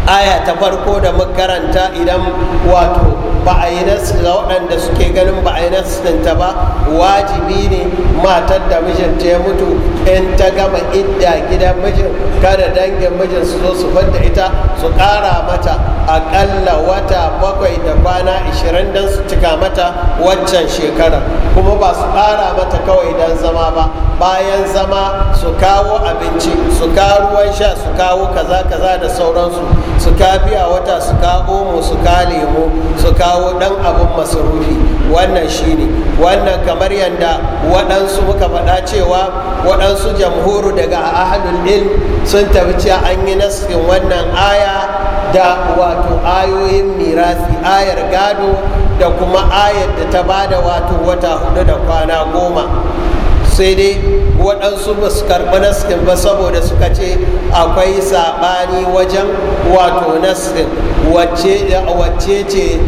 aya ta farko da makaranta idan wato ba a yi nasu ga waɗanda suke ganin ba a yi nasanta ba wajibi ne matar da mijinta ya mutu in ta gama idda gidan mijin kada dangin mijin su zo su fadda ita su ƙara mata aƙalla wata bakwai da kwana ishirin don su cika mata waccan shekara kuma ba su ƙara mata kawai don zama ba bayan zama su kawo abinci su kawo ruwan sha su kawo kaza kaza da sauransu su ka biya wata su kawo mu su ka lemu su kawo kawo ɗan abin masarufi wannan shine wannan kamar yadda waɗansu muka faɗa cewa waɗansu jamhuru daga ahadun ilm sun tafi cewa an yi naskin wannan aya da wato ayoyin mirasi ayar gado da kuma ayar da ta bada wato wata hudu da kwana goma sai dai waɗansu ba su karɓi naskin ba saboda suka ce akwai saɓani wajen wato naskin wacce ce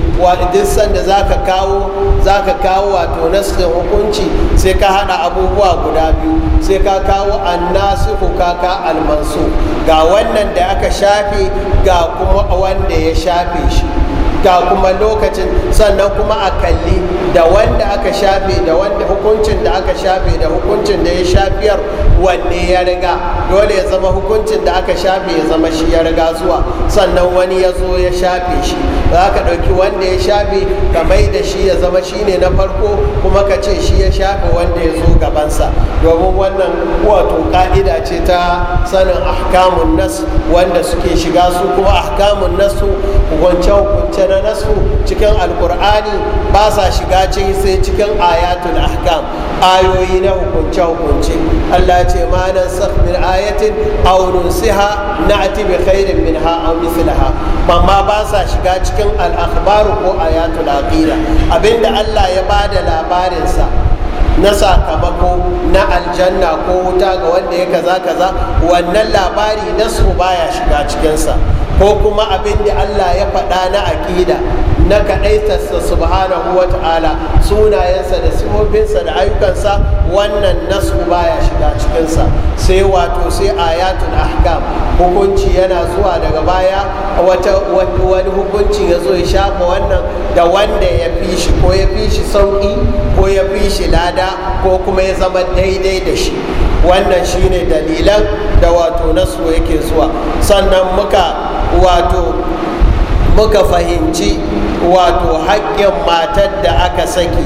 duk sanda za ka kawo za ka kawo wato naskin hukunci sai ka haɗa abubuwa guda biyu sai ka kawo an ka hukaka almansu ga wannan da aka shafe ga kuma wanda ya shafe shi ga kuma lokacin sannan kuma a kalli da wanda aka shafe da wanda hukuncin da aka shafe da hukuncin da ya shafiyar wanne ya riga dole ya zama hukuncin da aka shafe ya zama shi ya riga zuwa sannan wani ya zo ya shafe shi za ka ɗauki wanda ya shafe ka mai da shi ya zama shi ne na farko kuma ka ce shi ya shafe wanda ya zo gabansa domin wannan wato ka'ida ce ta sanin ahkamun nas wanda suke shiga su kuma ahkamun nasu hukunce-hukunce na na nasu cikin alkur'ani ba sa shiga ciki sai cikin ayatul ahkam ayoyi na hukunce hukunce Allah ce ma nan min ayatin aw na ati bi khairin minha a mislaha amma ba sa shiga cikin al ko ayatul aqida abinda Allah ya bada da labarinsa na sakamako na aljanna ko wuta ga wanda ya kaza kaza wannan labari nasu baya shiga cikinsa ko kuma abin da Allah ya faɗa na aƙida na kaɗaitarsa subhanahu wa ta'ala sunayensa da sifofinsa da ayyukansa wannan nasu baya shiga cikinsa sai wato sai ayatun ahkam hukunci yana zuwa daga baya wata wani hukunci ya zo ya shafa wannan da wanda ya fi shi ko ya fi shi sauƙi ko ya fi shi lada ko kuma ya zama daidai da shi wannan shine dalilan da wato nasu yake zuwa sannan muka wato muka fahimci wato haƙƙin matar da aka saki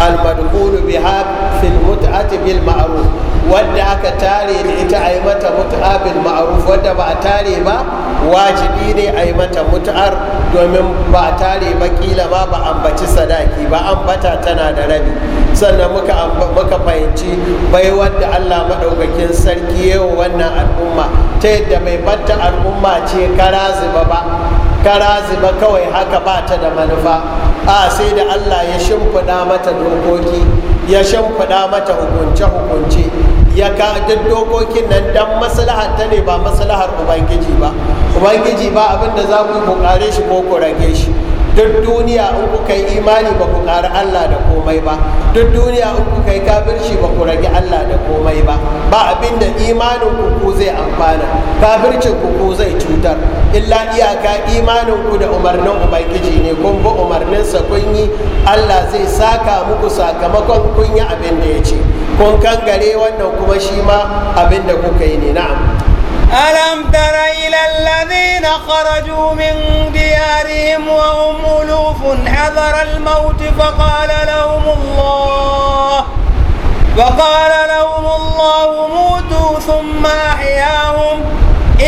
almadhulu biha fil mut'ati bil ma'ruf wanda aka tare da ita a yi mata mut'a bil ma'ruf wanda ba a tare ba wajibi ne a yi mata mut'ar domin ba a tare ba kila ma ba ambaci sadaki ba ambata tana da rabi sannan muka muka fahimci baiwar da Allah maɗaukakin sarki yau wannan al'umma ta yadda mai batta al'umma ce kara zuba ba kara zuba kawai haka ba ta da manufa a sai da Allah ya shimfiɗa mata dokoki ya shimfiɗa mata hukunce-hukunce ya ka duk dokokin nan dan maslahar ta ne ba maslahar ubangiji ba ubangiji ba abin da za ku bukare shi ko ku rage shi duk duniya in kuka yi imani ba ku ƙari Allah da komai ba duk duniya in kuka yi kafirci ba ku rage Allah da komai ba ba abin da imanin ku ku zai amfana kafircin ku ku zai cutar illa iyaka imanin ku da umarnin ubangiji ne kun bi umarnin sa kun yi Allah zai saka muku sakamakon kun yi abin da ya ce kun kangare wannan kuma shi ma abin da kuka yi ne na'am ألم تر إلى الذين خرجوا من ديارهم وهم ألوف حذر الموت فقال لهم الله فقال لهم الله موتوا ثم أحياهم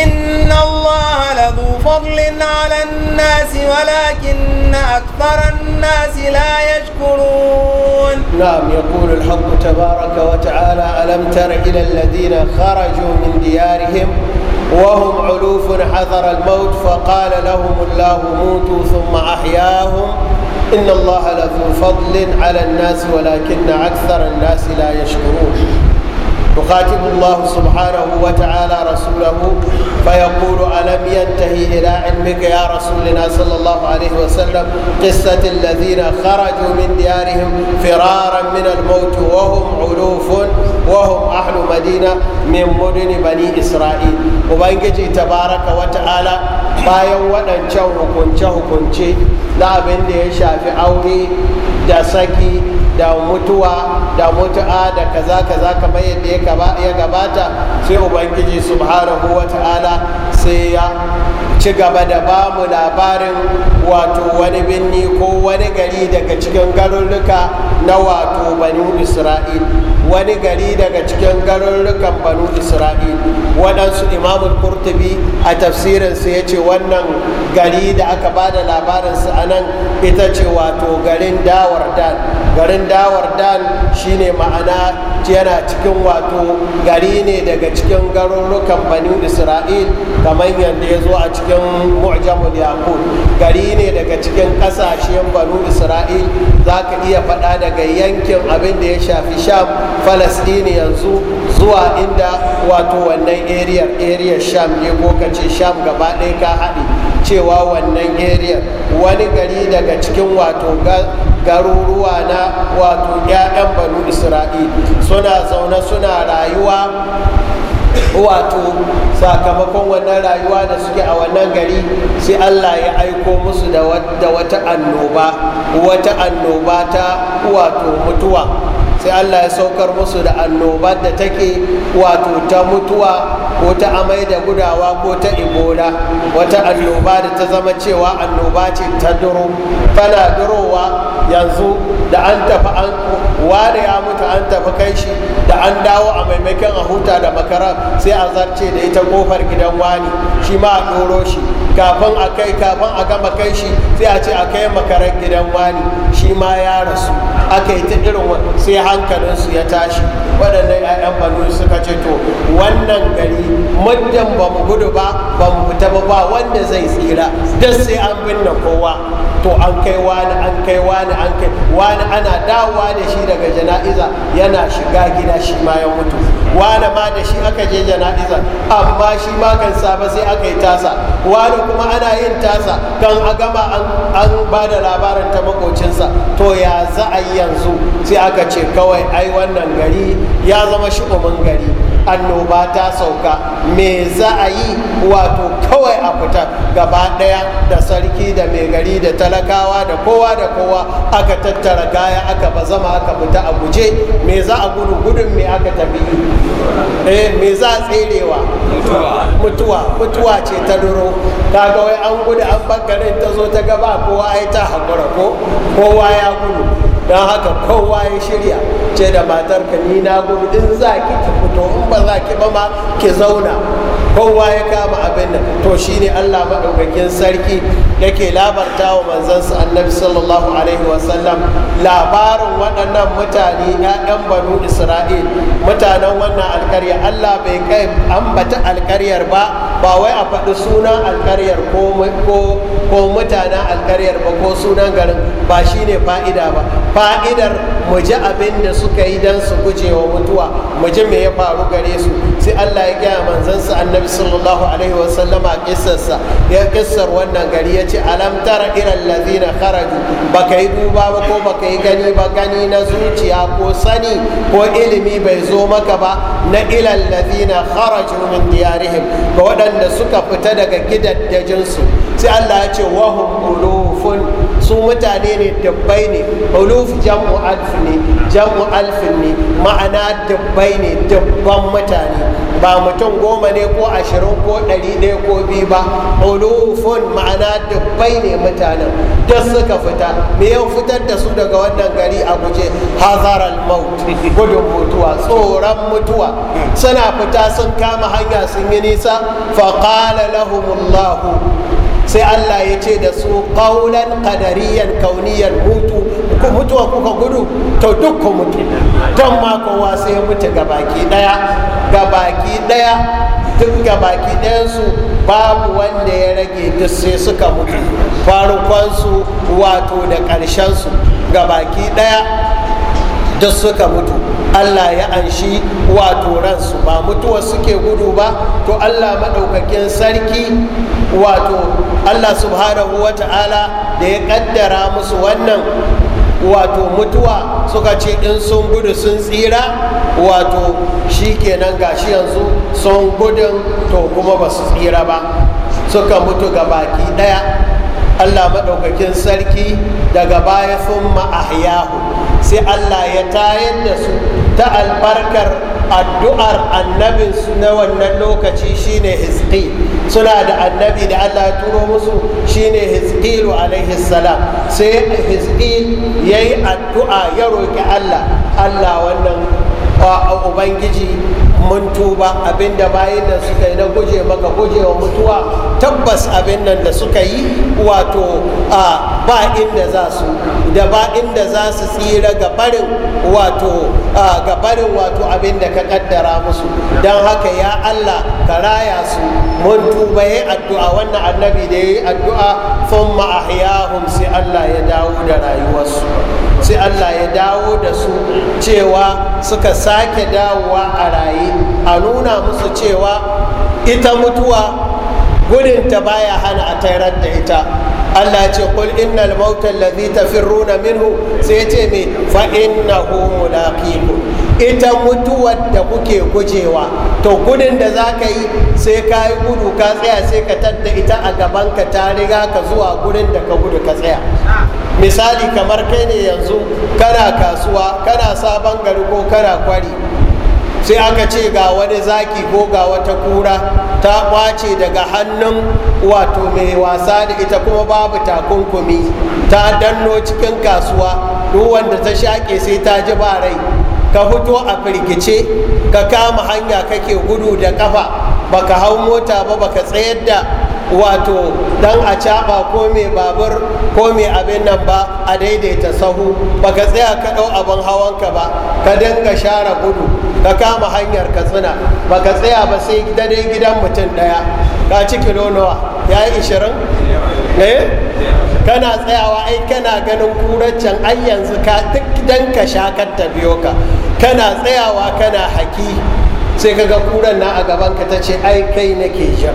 إن الله لذو فضل على الناس ولكن أكثر الناس لا يشكرون نعم يقول الحق تبارك وتعالى ألم تر إلى الذين خرجوا من ديارهم وهم علوف حذر الموت فقال لهم الله موتوا ثم أحياهم إن الله لذو فضل على الناس ولكن أكثر الناس لا يشكرون يخاطب الله سبحانه وتعالى رسوله فيقول ألم ينتهي إلى علمك يا رسولنا صلى الله عليه وسلم قصة الذين خرجوا من ديارهم فرارا من الموت وهم علوف وهم أهل مدينة من مدن بني إسرائيل وبنجي تبارك وتعالى bayan waɗancan hukunce-hukunce لا abin da ya shafi da saki da mutuwa da mutu'a da kaza kaza kamar yadda ya gabata sai ubangiji subhanahu wa ta'ala sai ya ci gaba da ba mu labarin wato wani binni ko wani gari daga cikin garuruka na wato banu isra'il wani gari daga cikin garurrukan banu isra'il waɗansu imamul kurtubi a tafsirinsu ya ce wannan gari da aka ba da labarinsa a nan ita ce wato garin dawar dan garin dawar dan shine ma'ana yana cikin wato gari ne daga cikin garurrukan banu isra'il kamar yadda ya zo a cikin mu'jamul yaqub gari ne daga cikin ƙasashen banu isra'il za ka iya faɗa daga yankin abin da ya shafi sham falastini yanzu zuwa inda wato wannan ariyar ariyar sham ne ko ka ce sham gaba ɗaya ka haɗe cewa wannan ariyar wani gari daga cikin wato garuruwa na wato 'ya'yan banu isra'ila suna zaune suna rayuwa wato sakamakon wannan rayuwa da suke a wannan gari sai allah ya aiko musu da wata annoba wata annoba ta wato mutuwa sai allah ya saukar musu da annobar da take wato ta mutuwa ko ta amai da gudawa ko ta ibola wata annoba da ta zama cewa annoba ce ta duro tana durowa yanzu da an tafi an ware ya mutu an tafi kai shi da an dawo a maimakon a huta da makara sai a zarce da ita kofar gidan wani shi ma a ɗoro shi kafin a kai kafin a gama kai shi sai a ce a kai makarar gidan wani shi ma ya rasu aka yi ta irin sai hankalinsu ya tashi waɗannan 'ya'yan banu suka ce to wannan gari muddin ba mu gudu ba ba mu fita ba ba wanda zai tsira duk sai an binne kowa to an kai wani an kai wani an kai wani ana dawowa da shi daga jana'iza yana shiga gida shi ma ya mutu wane ma da shi aka je jana'iza amma shi ma kan sai aka yi tasa wani kuma ana yin tasa kan a gama an ba da labarin ta makocinsa to ya za a yanzu sai aka ce kawai ai wannan gari ya zama shugaban gari annoba ta sauka me za a yi wato kawai a fita gaba ɗaya da sarki da mai gari da talakawa da kowa da kowa aka tattara kaya aka ba zama aka fita a guje me za a gudu gudun me aka tafi eh me za a tserewa mutuwa mutuwa ce ta duro kaga wai an gudu an bangaren ta zo ta gaba kowa ai ta hakura ko kowa ya gudu don haka kowa ya shirya ce da matar ka ni na gudu in za ki ki fito in ba za ki ba ma ki zauna kowa ya kama abin nan to shine Allah maɗaukakin sarki yake labarta wa manzansa annabi sallallahu alaihi wasallam labarin waɗannan mutane 'ya'yan banu isra'il mutanen wannan alkarya Allah bai kai ambata alkaryar ba ba wai a faɗi sunan alkaryar ko mutanen alkaryar ba ko sunan garin ba shine fa'ida ba fa'idar mu ji abin da suka yi don su guje wa mutuwa mu ji me ya faru gare su sai Allah ya gaya manzansa annabi annabi sallallahu alaihi wasallama kissarsa ya kisar wannan gari ya ce alam tara ilal kharaju baka yi duba ba ko baka yi gani ba gani na zuciya ko sani ko ilimi bai zo maka ba na ilal ladina kharaju min diyarihim ga waɗanda suka fita daga gidaddajinsu sai Allah ya ce wahum ulufun su mutane ne dabbai ne uluf jam'u alf ne jam'u alf ne ma'ana dabbai ne dabban mutane ba mutum goma ne ko ashirin ko ɗari ɗaya ko biyu ba ulufun ma'ana dabbai ne mutanen da suka fita me yau fitar da su daga wannan gari a guje al maut gudun mutuwa tsoron mutuwa suna fita sun kama hanya sun yi nisa faƙala lahumullahu sai Allah ya ce da su qaulan kadariyar kauniyar mutu ku mutuwa kuka gudu to duk ku mutu don ma kowa sai mutu gabaki daya gabaki daya duk gabaki dayansu babu wanda ya rage duk sai suka mutu farkonsu wato da ƙarshensu gabaki daya duk suka mutu allah ya anshi wato ransu ba mutuwa suke gudu ba to allah maɗaukakin sarki wato allah subhanahu wa ta'ala da ya ƙaddara musu wannan wato mutuwa suka ce in sun gudu sun tsira wato shi kenan gashi yanzu sun gudun to kuma ba su tsira ba suka mutu ga baki ɗaya. allah maɗaukakin sarki daga baya sun ma'ahiyahu sai allah ya tayar da su ta albarkar addu'ar annabinsu na wannan lokaci shine hizqi suna da annabi da allah ya turo musu shine hizqilu alaihi salam sai hizqi ya yi addu'a ya roƙi allah allah wannan ubangiji mun tuba abinda bayan da suka yi na guje maka guje wa mutuwa tabbas abin nan da suka yi wato a ba inda za su da ba inda za su tsira ga barin wato ga barin wato abin da ka kaddara musu don haka ya Allah ka raya su mun tuba yi addu'a wannan annabi da ya yi addu'a fun ma'ahiyahun sai Allah ya dawo da rayuwarsu sai Allah ya dawo da su cewa suka sake dawowa a raye a nuna musu cewa ita mutuwa gudunta baya hana a tayar da ita Allah ce kul innal mauta allazi tafirruna minhu sai ce me fa innahu mulaqikum ita mutuwar da kuke gujewa to gudun da zaka yi sai ka yi gudu ka tsaya sai ka tadda ita a gaban ka ta riga ka zuwa gurin da ka gudu ka tsaya misali kamar kai ne yanzu kana kasuwa kana sabon gari ko kana kwari sai aka ce ga wani zaki ko ga wata kura ta kwace daga hannun wato mai wasa da ita kuma babu takunkumi ta danno cikin kasuwa duk wanda ta shaƙe sai ta ji ba rai ka fito a firgice ka kama hanya kake gudu da kafa baka hau mota ba baka tsayar da wato dan a caɓa ko mai babur ko mai abin nan ba a daidaita sahu baka tsaya ka ɗau abin ka ba ka dinga share gudu ka kama hanyar katsina baka tsaya ba sai dare gidan mutum ɗaya ka ci kilo nawa ya yi ishirin eh kana tsayawa ai kana ganin kuraccen ai yanzu ka duk dan ka sha ka ka kana tsayawa kana haki sai kaga kuran na a gaban ka tace ai kai nake jira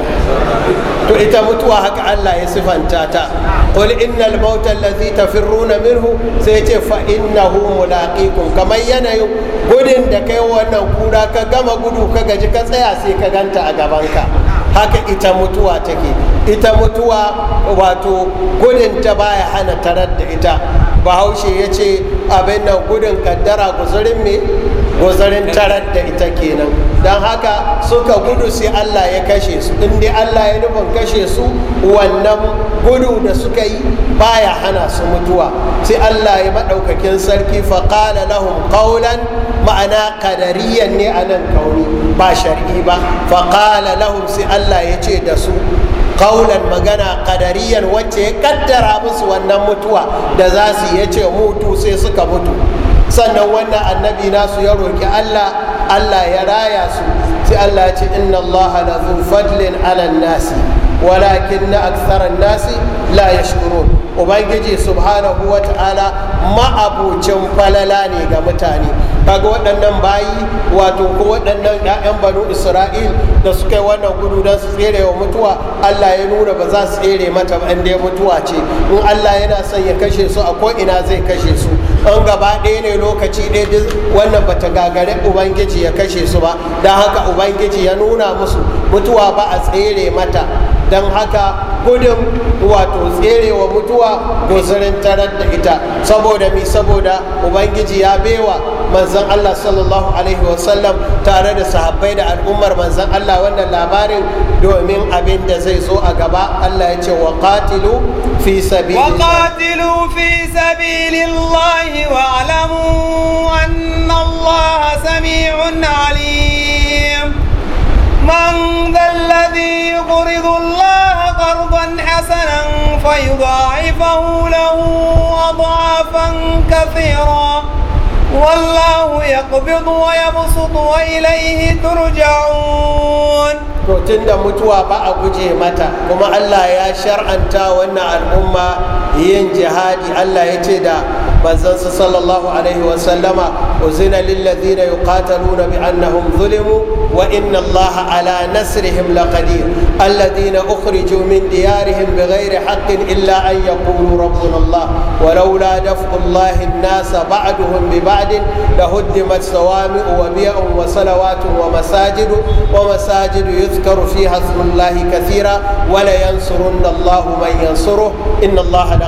to ita mutuwa haka Allah ya sifanta ta qul innal mauta allazi tafirruna minhu sai ce fa innahu mulaqikum kamar yanayin gudun da kai wannan kura ka gama gudu ka gaji ka tsaya sai ka ganta a gaban ka haka ita mutuwa take ita mutuwa wato gudun ta baya hana tarar da ita bahaushe ya ce abin nan gudun kaddara guzurin me gozarin tarar da ita kenan don haka suka gudu sai allah ya kashe su inda allah ya nufin kashe su wannan gudu da suka yi baya hana su mutuwa sai allah ya maɗaukakin sarki faƙala lahum ƙaunan ma'ana ƙadariyan ne a nan kauni ba shari'i ba faƙala lahum sai allah ya ce da su ƙaunan magana ƙadariyan wacce ya kaddara musu wannan mutuwa da za su yi ya ce mutu sai suka mutu sannan wannan annabi nasu ya roki Allah Allah ya raya su sai Allah ya ce inna Allah la zu ala nasi walakin na aktharan nasi la yashkurun ubangiji subhanahu wa ta'ala ma'abucin falala ne ga mutane kaga waɗannan bayi wato ko waɗannan 'ya'yan banu isra'il da suka yi wannan gudu don su tsere wa mutuwa allah ya nuna ba za su tsere mata ba inda mutuwa ce in allah yana son ya kashe su a ko ina zai kashe su an gaba ɗaya ne lokaci ɗaya wannan bata gagare ubangiji ya kashe su ba don haka ubangiji ya nuna musu mutuwa ba a tsere mata don haka gudun wato tserewa mutuwa guzurin tarar da ita saboda mi saboda ubangiji ya baiwa manzan allah sallallahu alaihi wasallam tare da sahabbai da al'ummar manzan allah wannan labarin domin abin da zai zo a gaba allah ya ce wa qatilu fi sabili وقاتلوا في سبيل الله واعلموا أن من ذا الذي يقرض الله قرضا حسنا فيضاعفه له أضعافا كثيرا والله يقبض ويبسط وإليه ترجعون to tunda mutuwa ba a guje mata kuma Allah ya shar'anta wannan al'umma yin jihadi allah ya ce da manzansa sallallahu alaihi wasallama uzina lillazina yuqataluna bi annahum zulimu wa inna ala nasrihim laqadir alladhina ukhriju min diyarihim bighairi haqqin illa an yaqulu rabbuna allah ولولا دفع الله الناس بعدهم salawatu wa صوامع وبيع وصلوات ومساجد ومساجد يذكر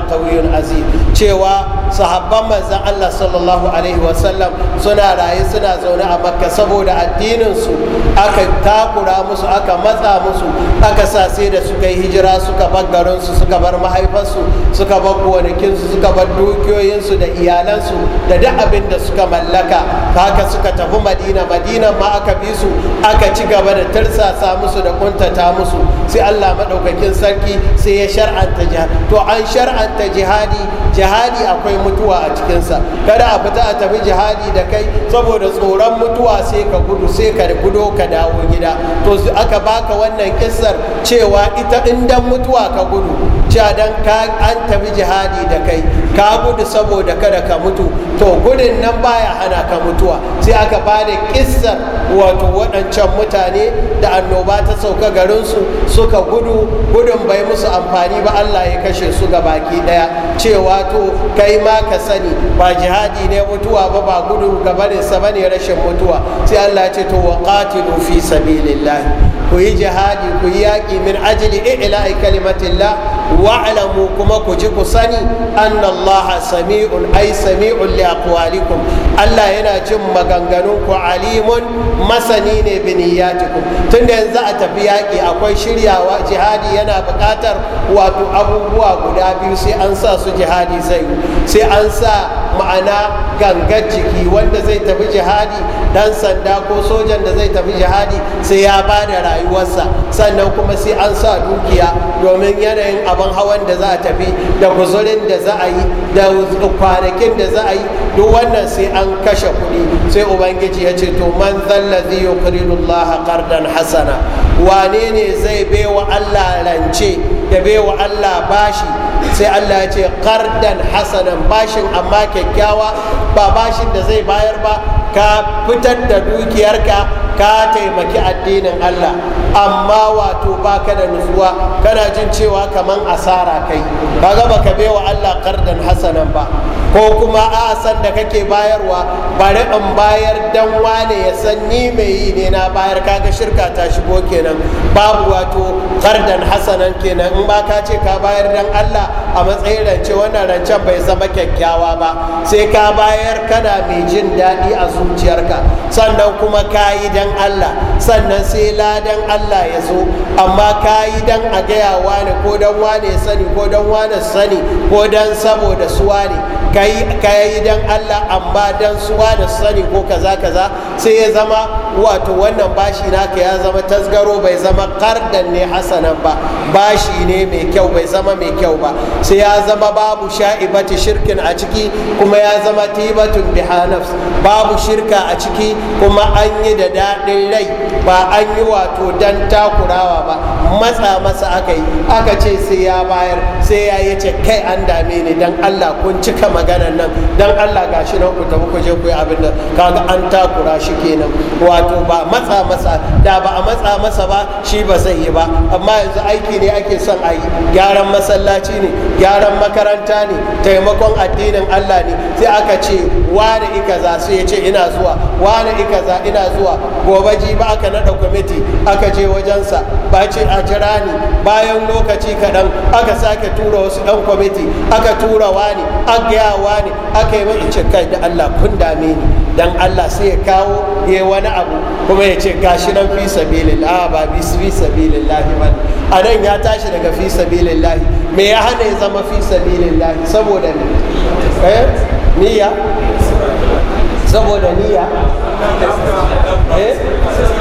kana qawiyyun aziz cewa sahabban manzan Allah sallallahu alaihi wasallam suna raye suna zaune a makka saboda addininsu aka takura musu aka matsa musu aka sa sai da suka yi hijira suka bar garinsu suka bar mahaifarsu suka bar gonakinsu suka bar dukiyoyinsu da iyalansu da duk abin da suka mallaka haka suka tafi Madina Madina ma aka bi su aka ci gaba da tirsasa musu da kuntata musu sai Allah maɗaukakin sarki sai ya shar'anta jihar to an shar'anta حتى جهادي jihadi akwai mutuwa a cikinsa kada a fita a tafi jihadi da kai saboda tsoron mutuwa sai ka gudu sai ka gudo ka dawo gida to aka baka wannan kissar cewa ita indan mutuwa ka gudu cewa dan ka an tafi jihadi da kai ka gudu saboda kada ka mutu to gudun nan baya hana ka mutuwa sai aka ba da kissar wato waɗancan mutane da annoba ta sauka garinsu suka gudu gudun bai musu amfani ba Allah ya kashe su ga baki ɗaya cewa to kai ma ka sani ba jihadi ne mutuwa ba ba gudu gabarinsa sa bane rashin mutuwa sai allah ce to wa qatilu fi sabilillah ku yi jihadi ku yi yaƙi min ajili ila'i kalimatillah alamu kuma ku ji ku sani anna allah sami'un ai sami'un li aqwalikum allah yana jin maganganun ku alimun masani ne bi niyyatikum tunda yanzu a tafi yaki akwai shiryawa jihadi yana buƙatar wato abubuwa guda biyu sai an sa su jihadi jihadi zai sai an sa ma'ana gangar jiki wanda zai tafi jihadi dan sanda ko sojan da zai tafi jihadi sai ya ba da rayuwarsa sannan kuma sai an sa dukiya domin yanayin abin hawan da za a tafi da guzurin da za a yi da kwanakin da za a yi duk wannan sai an kashe kuɗi sai ubangiji ya ce to man zallazi yuqridu allaha qardan hasana wane ne zai baiwa allah lance ya baiwa allah bashi sai allah ya ce qardan hasanan bashin amma kyakkyawa ba bashin da zai bayar ba ka fitar da dukiyarka ka taimaki addinin Allah amma wato baka da nutsuwa kana jin cewa kaman asara kai kaga baka baiwa Allah kardan hasanan ba ko kuma a san da kake bayarwa bari in bayar dan wane ya san ni mai yi ne na bayar kaga shirka ta shigo kenan babu wato kardan hasanan kenan in ba ka ce ka bayar dan Allah a matsayin rance wannan rancen bai zama kyakkyawa ba sai ka bayar kana mai jin daɗi a zuciyarka sannan kuma ka yi dan dan Allah sannan sai ladan Allah ya zo amma ka dan a gaya ne ko dan wane sani ko dan wane sani ko dan saboda su wane yi dan Allah amma dan suwa da sani ko kaza kaza sai ya zama wato wannan bashi naka ya zama tasgaro bai zama kardan ne hasanan ba bashi ne mai kyau bai zama mai kyau ba sai ya zama babu sha'ibati shirkin a ciki kuma ya zama tibatun biha babu shirka a ciki kuma an yi da daɗin rai ba an yi wato dan takurawa ba matsa masa aka yi aka ce sai ya bayar sai ya yi ce kai an dame ni dan Allah kun cika maganan nan dan allah gashi nan ku tafi ku je ku yi abin da kaga an takura shi kenan wato ba matsa masa da ba a matsa masa ba shi ba zai yi ba amma yanzu aiki ne ake son a yi gyaran masallaci ne gyaran makaranta ne taimakon addinin allah ne sai aka ce ika za su ya ce ina zuwa ika ikaza ina zuwa gobe ji ba aka naɗa kwamiti aka je wajensa ba ce a jira ni bayan lokaci kaɗan aka sake tura wasu ɗan kwamiti aka tura wani aka tsayawa ne aka yi mai ce kai da Allah kun dame ni dan Allah sai ya kawo ya yi wani abu kuma ya ce gashi nan fi sabilillah ah, ba bi fi sabilillah ba a nan ya tashi daga fi sabilillah me ya hana ya zama fi sabilillah saboda ne eh? eh saboda niya eh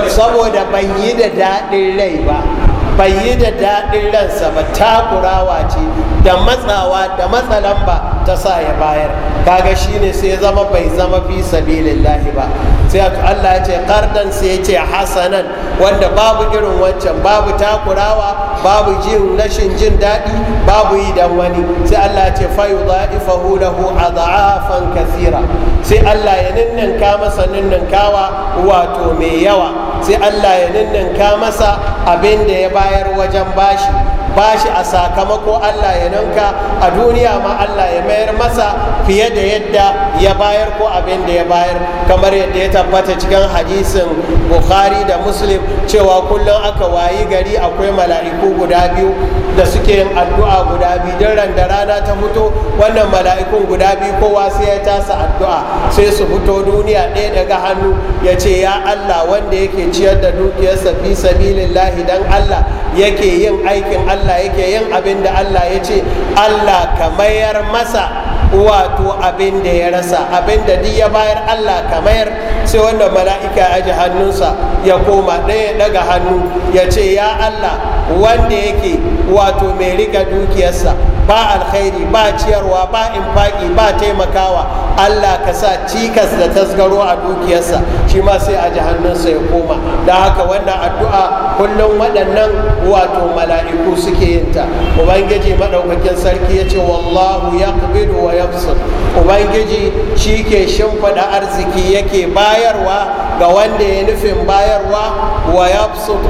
saboda ban yi da daɗin rai ba bai yi da daɗin ransa ba takurawa ce da matsawa da matsalan ba ta sa ya bayar kaga shine sai zama bai zama fi sabilillahi ba sai Allah ya ce kardan sai ya ce hasanan wanda babu irin wancan babu takurawa babu jin rashin jin daɗi babu yi dan wani sai Allah ya ce fayudha'ifahu a adha'afan kathira sai Allah ya ninninka masa ninninkawa wato mai yawa sai allah ya ninninka masa abin da ya bayar wajen bashi bashi a sakamako allah ya ninka a duniya ma allah ya mayar masa fiye da yadda ya bayar ko abin da ya bayar kamar yadda ya tabbata cikin hadisin bukhari da muslim cewa kullum aka wayi gari akwai mala'iku guda biyu da suke yin addu'a guda biyu don ran da rana ta fito wannan mala'ikun guda biyu kowa sai ya tasa addu'a sai su fito duniya ɗaya daga hannu ya ce ya allah wanda yake ciyar da dukiyarsa fi sabilillahi dan allah yake yin aikin allah yake yin abin da allah ya ce allah ka mayar masa wato abin da ya rasa abin da duk ya bayar allah ka mayar sai wanda mala'ika ya ji hannunsa ya koma ɗaya daga hannu ya ce ya allah wanda yake wato mai rika dukiyarsa ba alkhairi ba ciyarwa ba infaki ba taimakawa allah ka sa cikas da tasgaro a dukiyarsa shi ma sai a ji ya koma da haka wannan addu'a kullum waɗannan wato mala'iku suke yin ta ubangiji maɗaukakin sarki ya ce wallahu ya wa yabsut ubangiji shi ke shimfiɗa arziki yake bayarwa ga wanda ya nufin bayarwa wa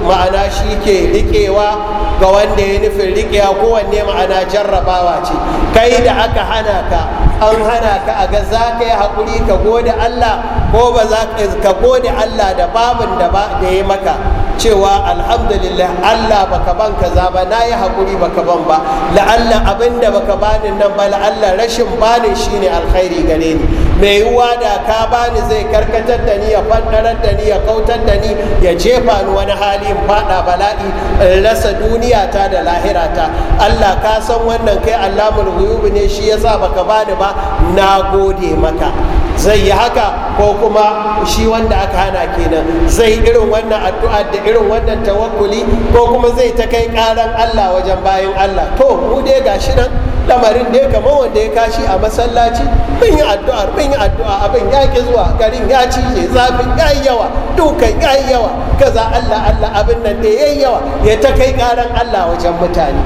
ma'ana shi ke riƙewa ga wanda ya nufin riƙewa kowanne ma'ana jarraba jarrabawa ce kai da aka hana ka an hana ka a ga za ka yi haƙuri ka gode Allah ko ba za ka gode Allah da babin da ba da ya maka cewa alhamdulillah Allah baka ban za ba na yi haƙuri baka ban ba la'alla abin da baka bani nan ba la'alla rashin bani shine alkhairi gare ni mai yiwuwa da ka bani zai karkatar da ni ya faddarar da ni ya kautar da ni ya jefa ni wani hali faɗa fada bala'i in rasa duniya ta da lahira ta Allah ka san wannan kai alamun ghuyub ne shi yasa baka bani ba na gode maka zai yi haka ko kuma shi wanda aka hana kenan zai irin wannan addu'a da irin wannan tawakkuli ko kuma zai ta kai karan Allah wajen bayan Allah to mu dai gashi nan lamarin dai kamar wanda ya kashi a masallaci mun yi addu'ar mun yi addu'a abin ya ki zuwa garin ya cije zafin ya yi yawa dukan ya yi yawa kaza Allah Allah abin nan da ya yi yawa ya ta kai karan Allah wajen mutane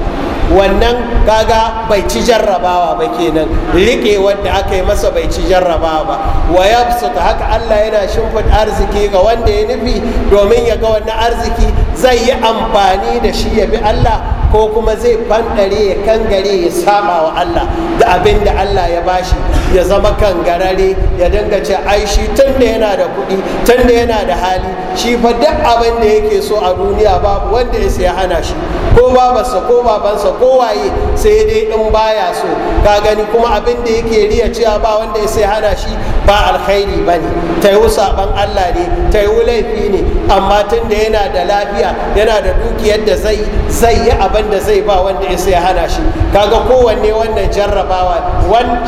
wannan kaga bai ci jarrabawa ba kenan rike wanda aka yi masa bai ci jarrabawa ba wa ta haka Allah yana shimfid arziki ga wanda ya nufi domin ya ga wannan arziki zai yi amfani da shi ya bi Allah ko kuma zai fanɗare ya kangare ya saba wa Allah da abin da Allah ya bashi ya zama kan kangarare ya dinga ce ai shi tun yana da kuɗi tunda yana da hali shi fa duk abin da yake so a duniya babu wanda ya sai hana shi ko babarsa ko babansa ko waye sai dai in baya so ka gani kuma abin da yake riya cewa ba wanda ya sai hana shi ba alkhairi bane ta yi saban Allah ne ta laifi ne amma tun da yana da lafiya yana da dukiyar da zai zai yi abin da zai ba wanda ya sai hana shi kaga kowanne wannan jarrabawa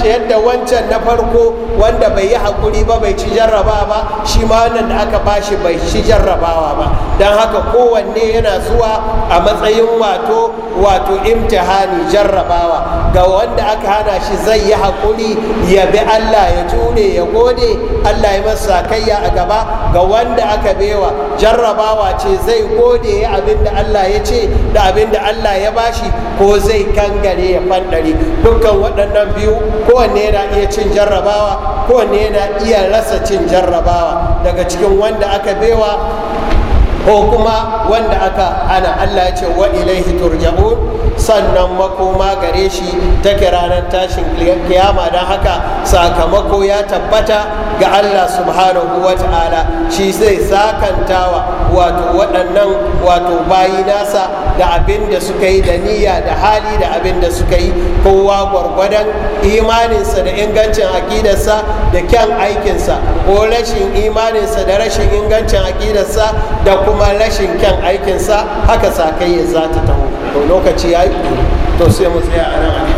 yadda wancan na farko wanda bai yi hakuri ba bai ci jarraba ba shi ma wannan da aka bashi bai ci jarrabawa ba don haka kowanne yana zuwa a matsayin wato wato imtihani jarrabawa ga wanda aka hana shi zai yi hakuri ya bi Allah ya tune ya gode Allah ya masa kayya a gaba ga wanda aka bewa jarrabawa ce zai gode ya abin da Allah ya ce da abin da Allah ya bashi ko zai kangare ya fandare dukkan waɗannan biyu kowanne yana iya cin jarrabawa kowanne yana iya rasa cin jarrabawa daga cikin wanda aka bewa ko kuma wanda aka ana Allah ya ce wa ilaihi turja'un sannan makoma gare shi take ranar tashin kiyama don haka sakamako ya tabbata ga allah subhanahu wa ta'ala shi zai sakantawa wato waɗannan wato bayi nasa da abin da suka yi da niyya da hali da abin da suka yi kowa gwargwadon imaninsa da ingancin aƙidarsa da kyan aikinsa ko rashin imaninsa da rashin ingancin aƙidarsa da kuma rashin kyan aikinsa haka sakayya za ta taho to lokaci ya yi to sai mu tsaya a nan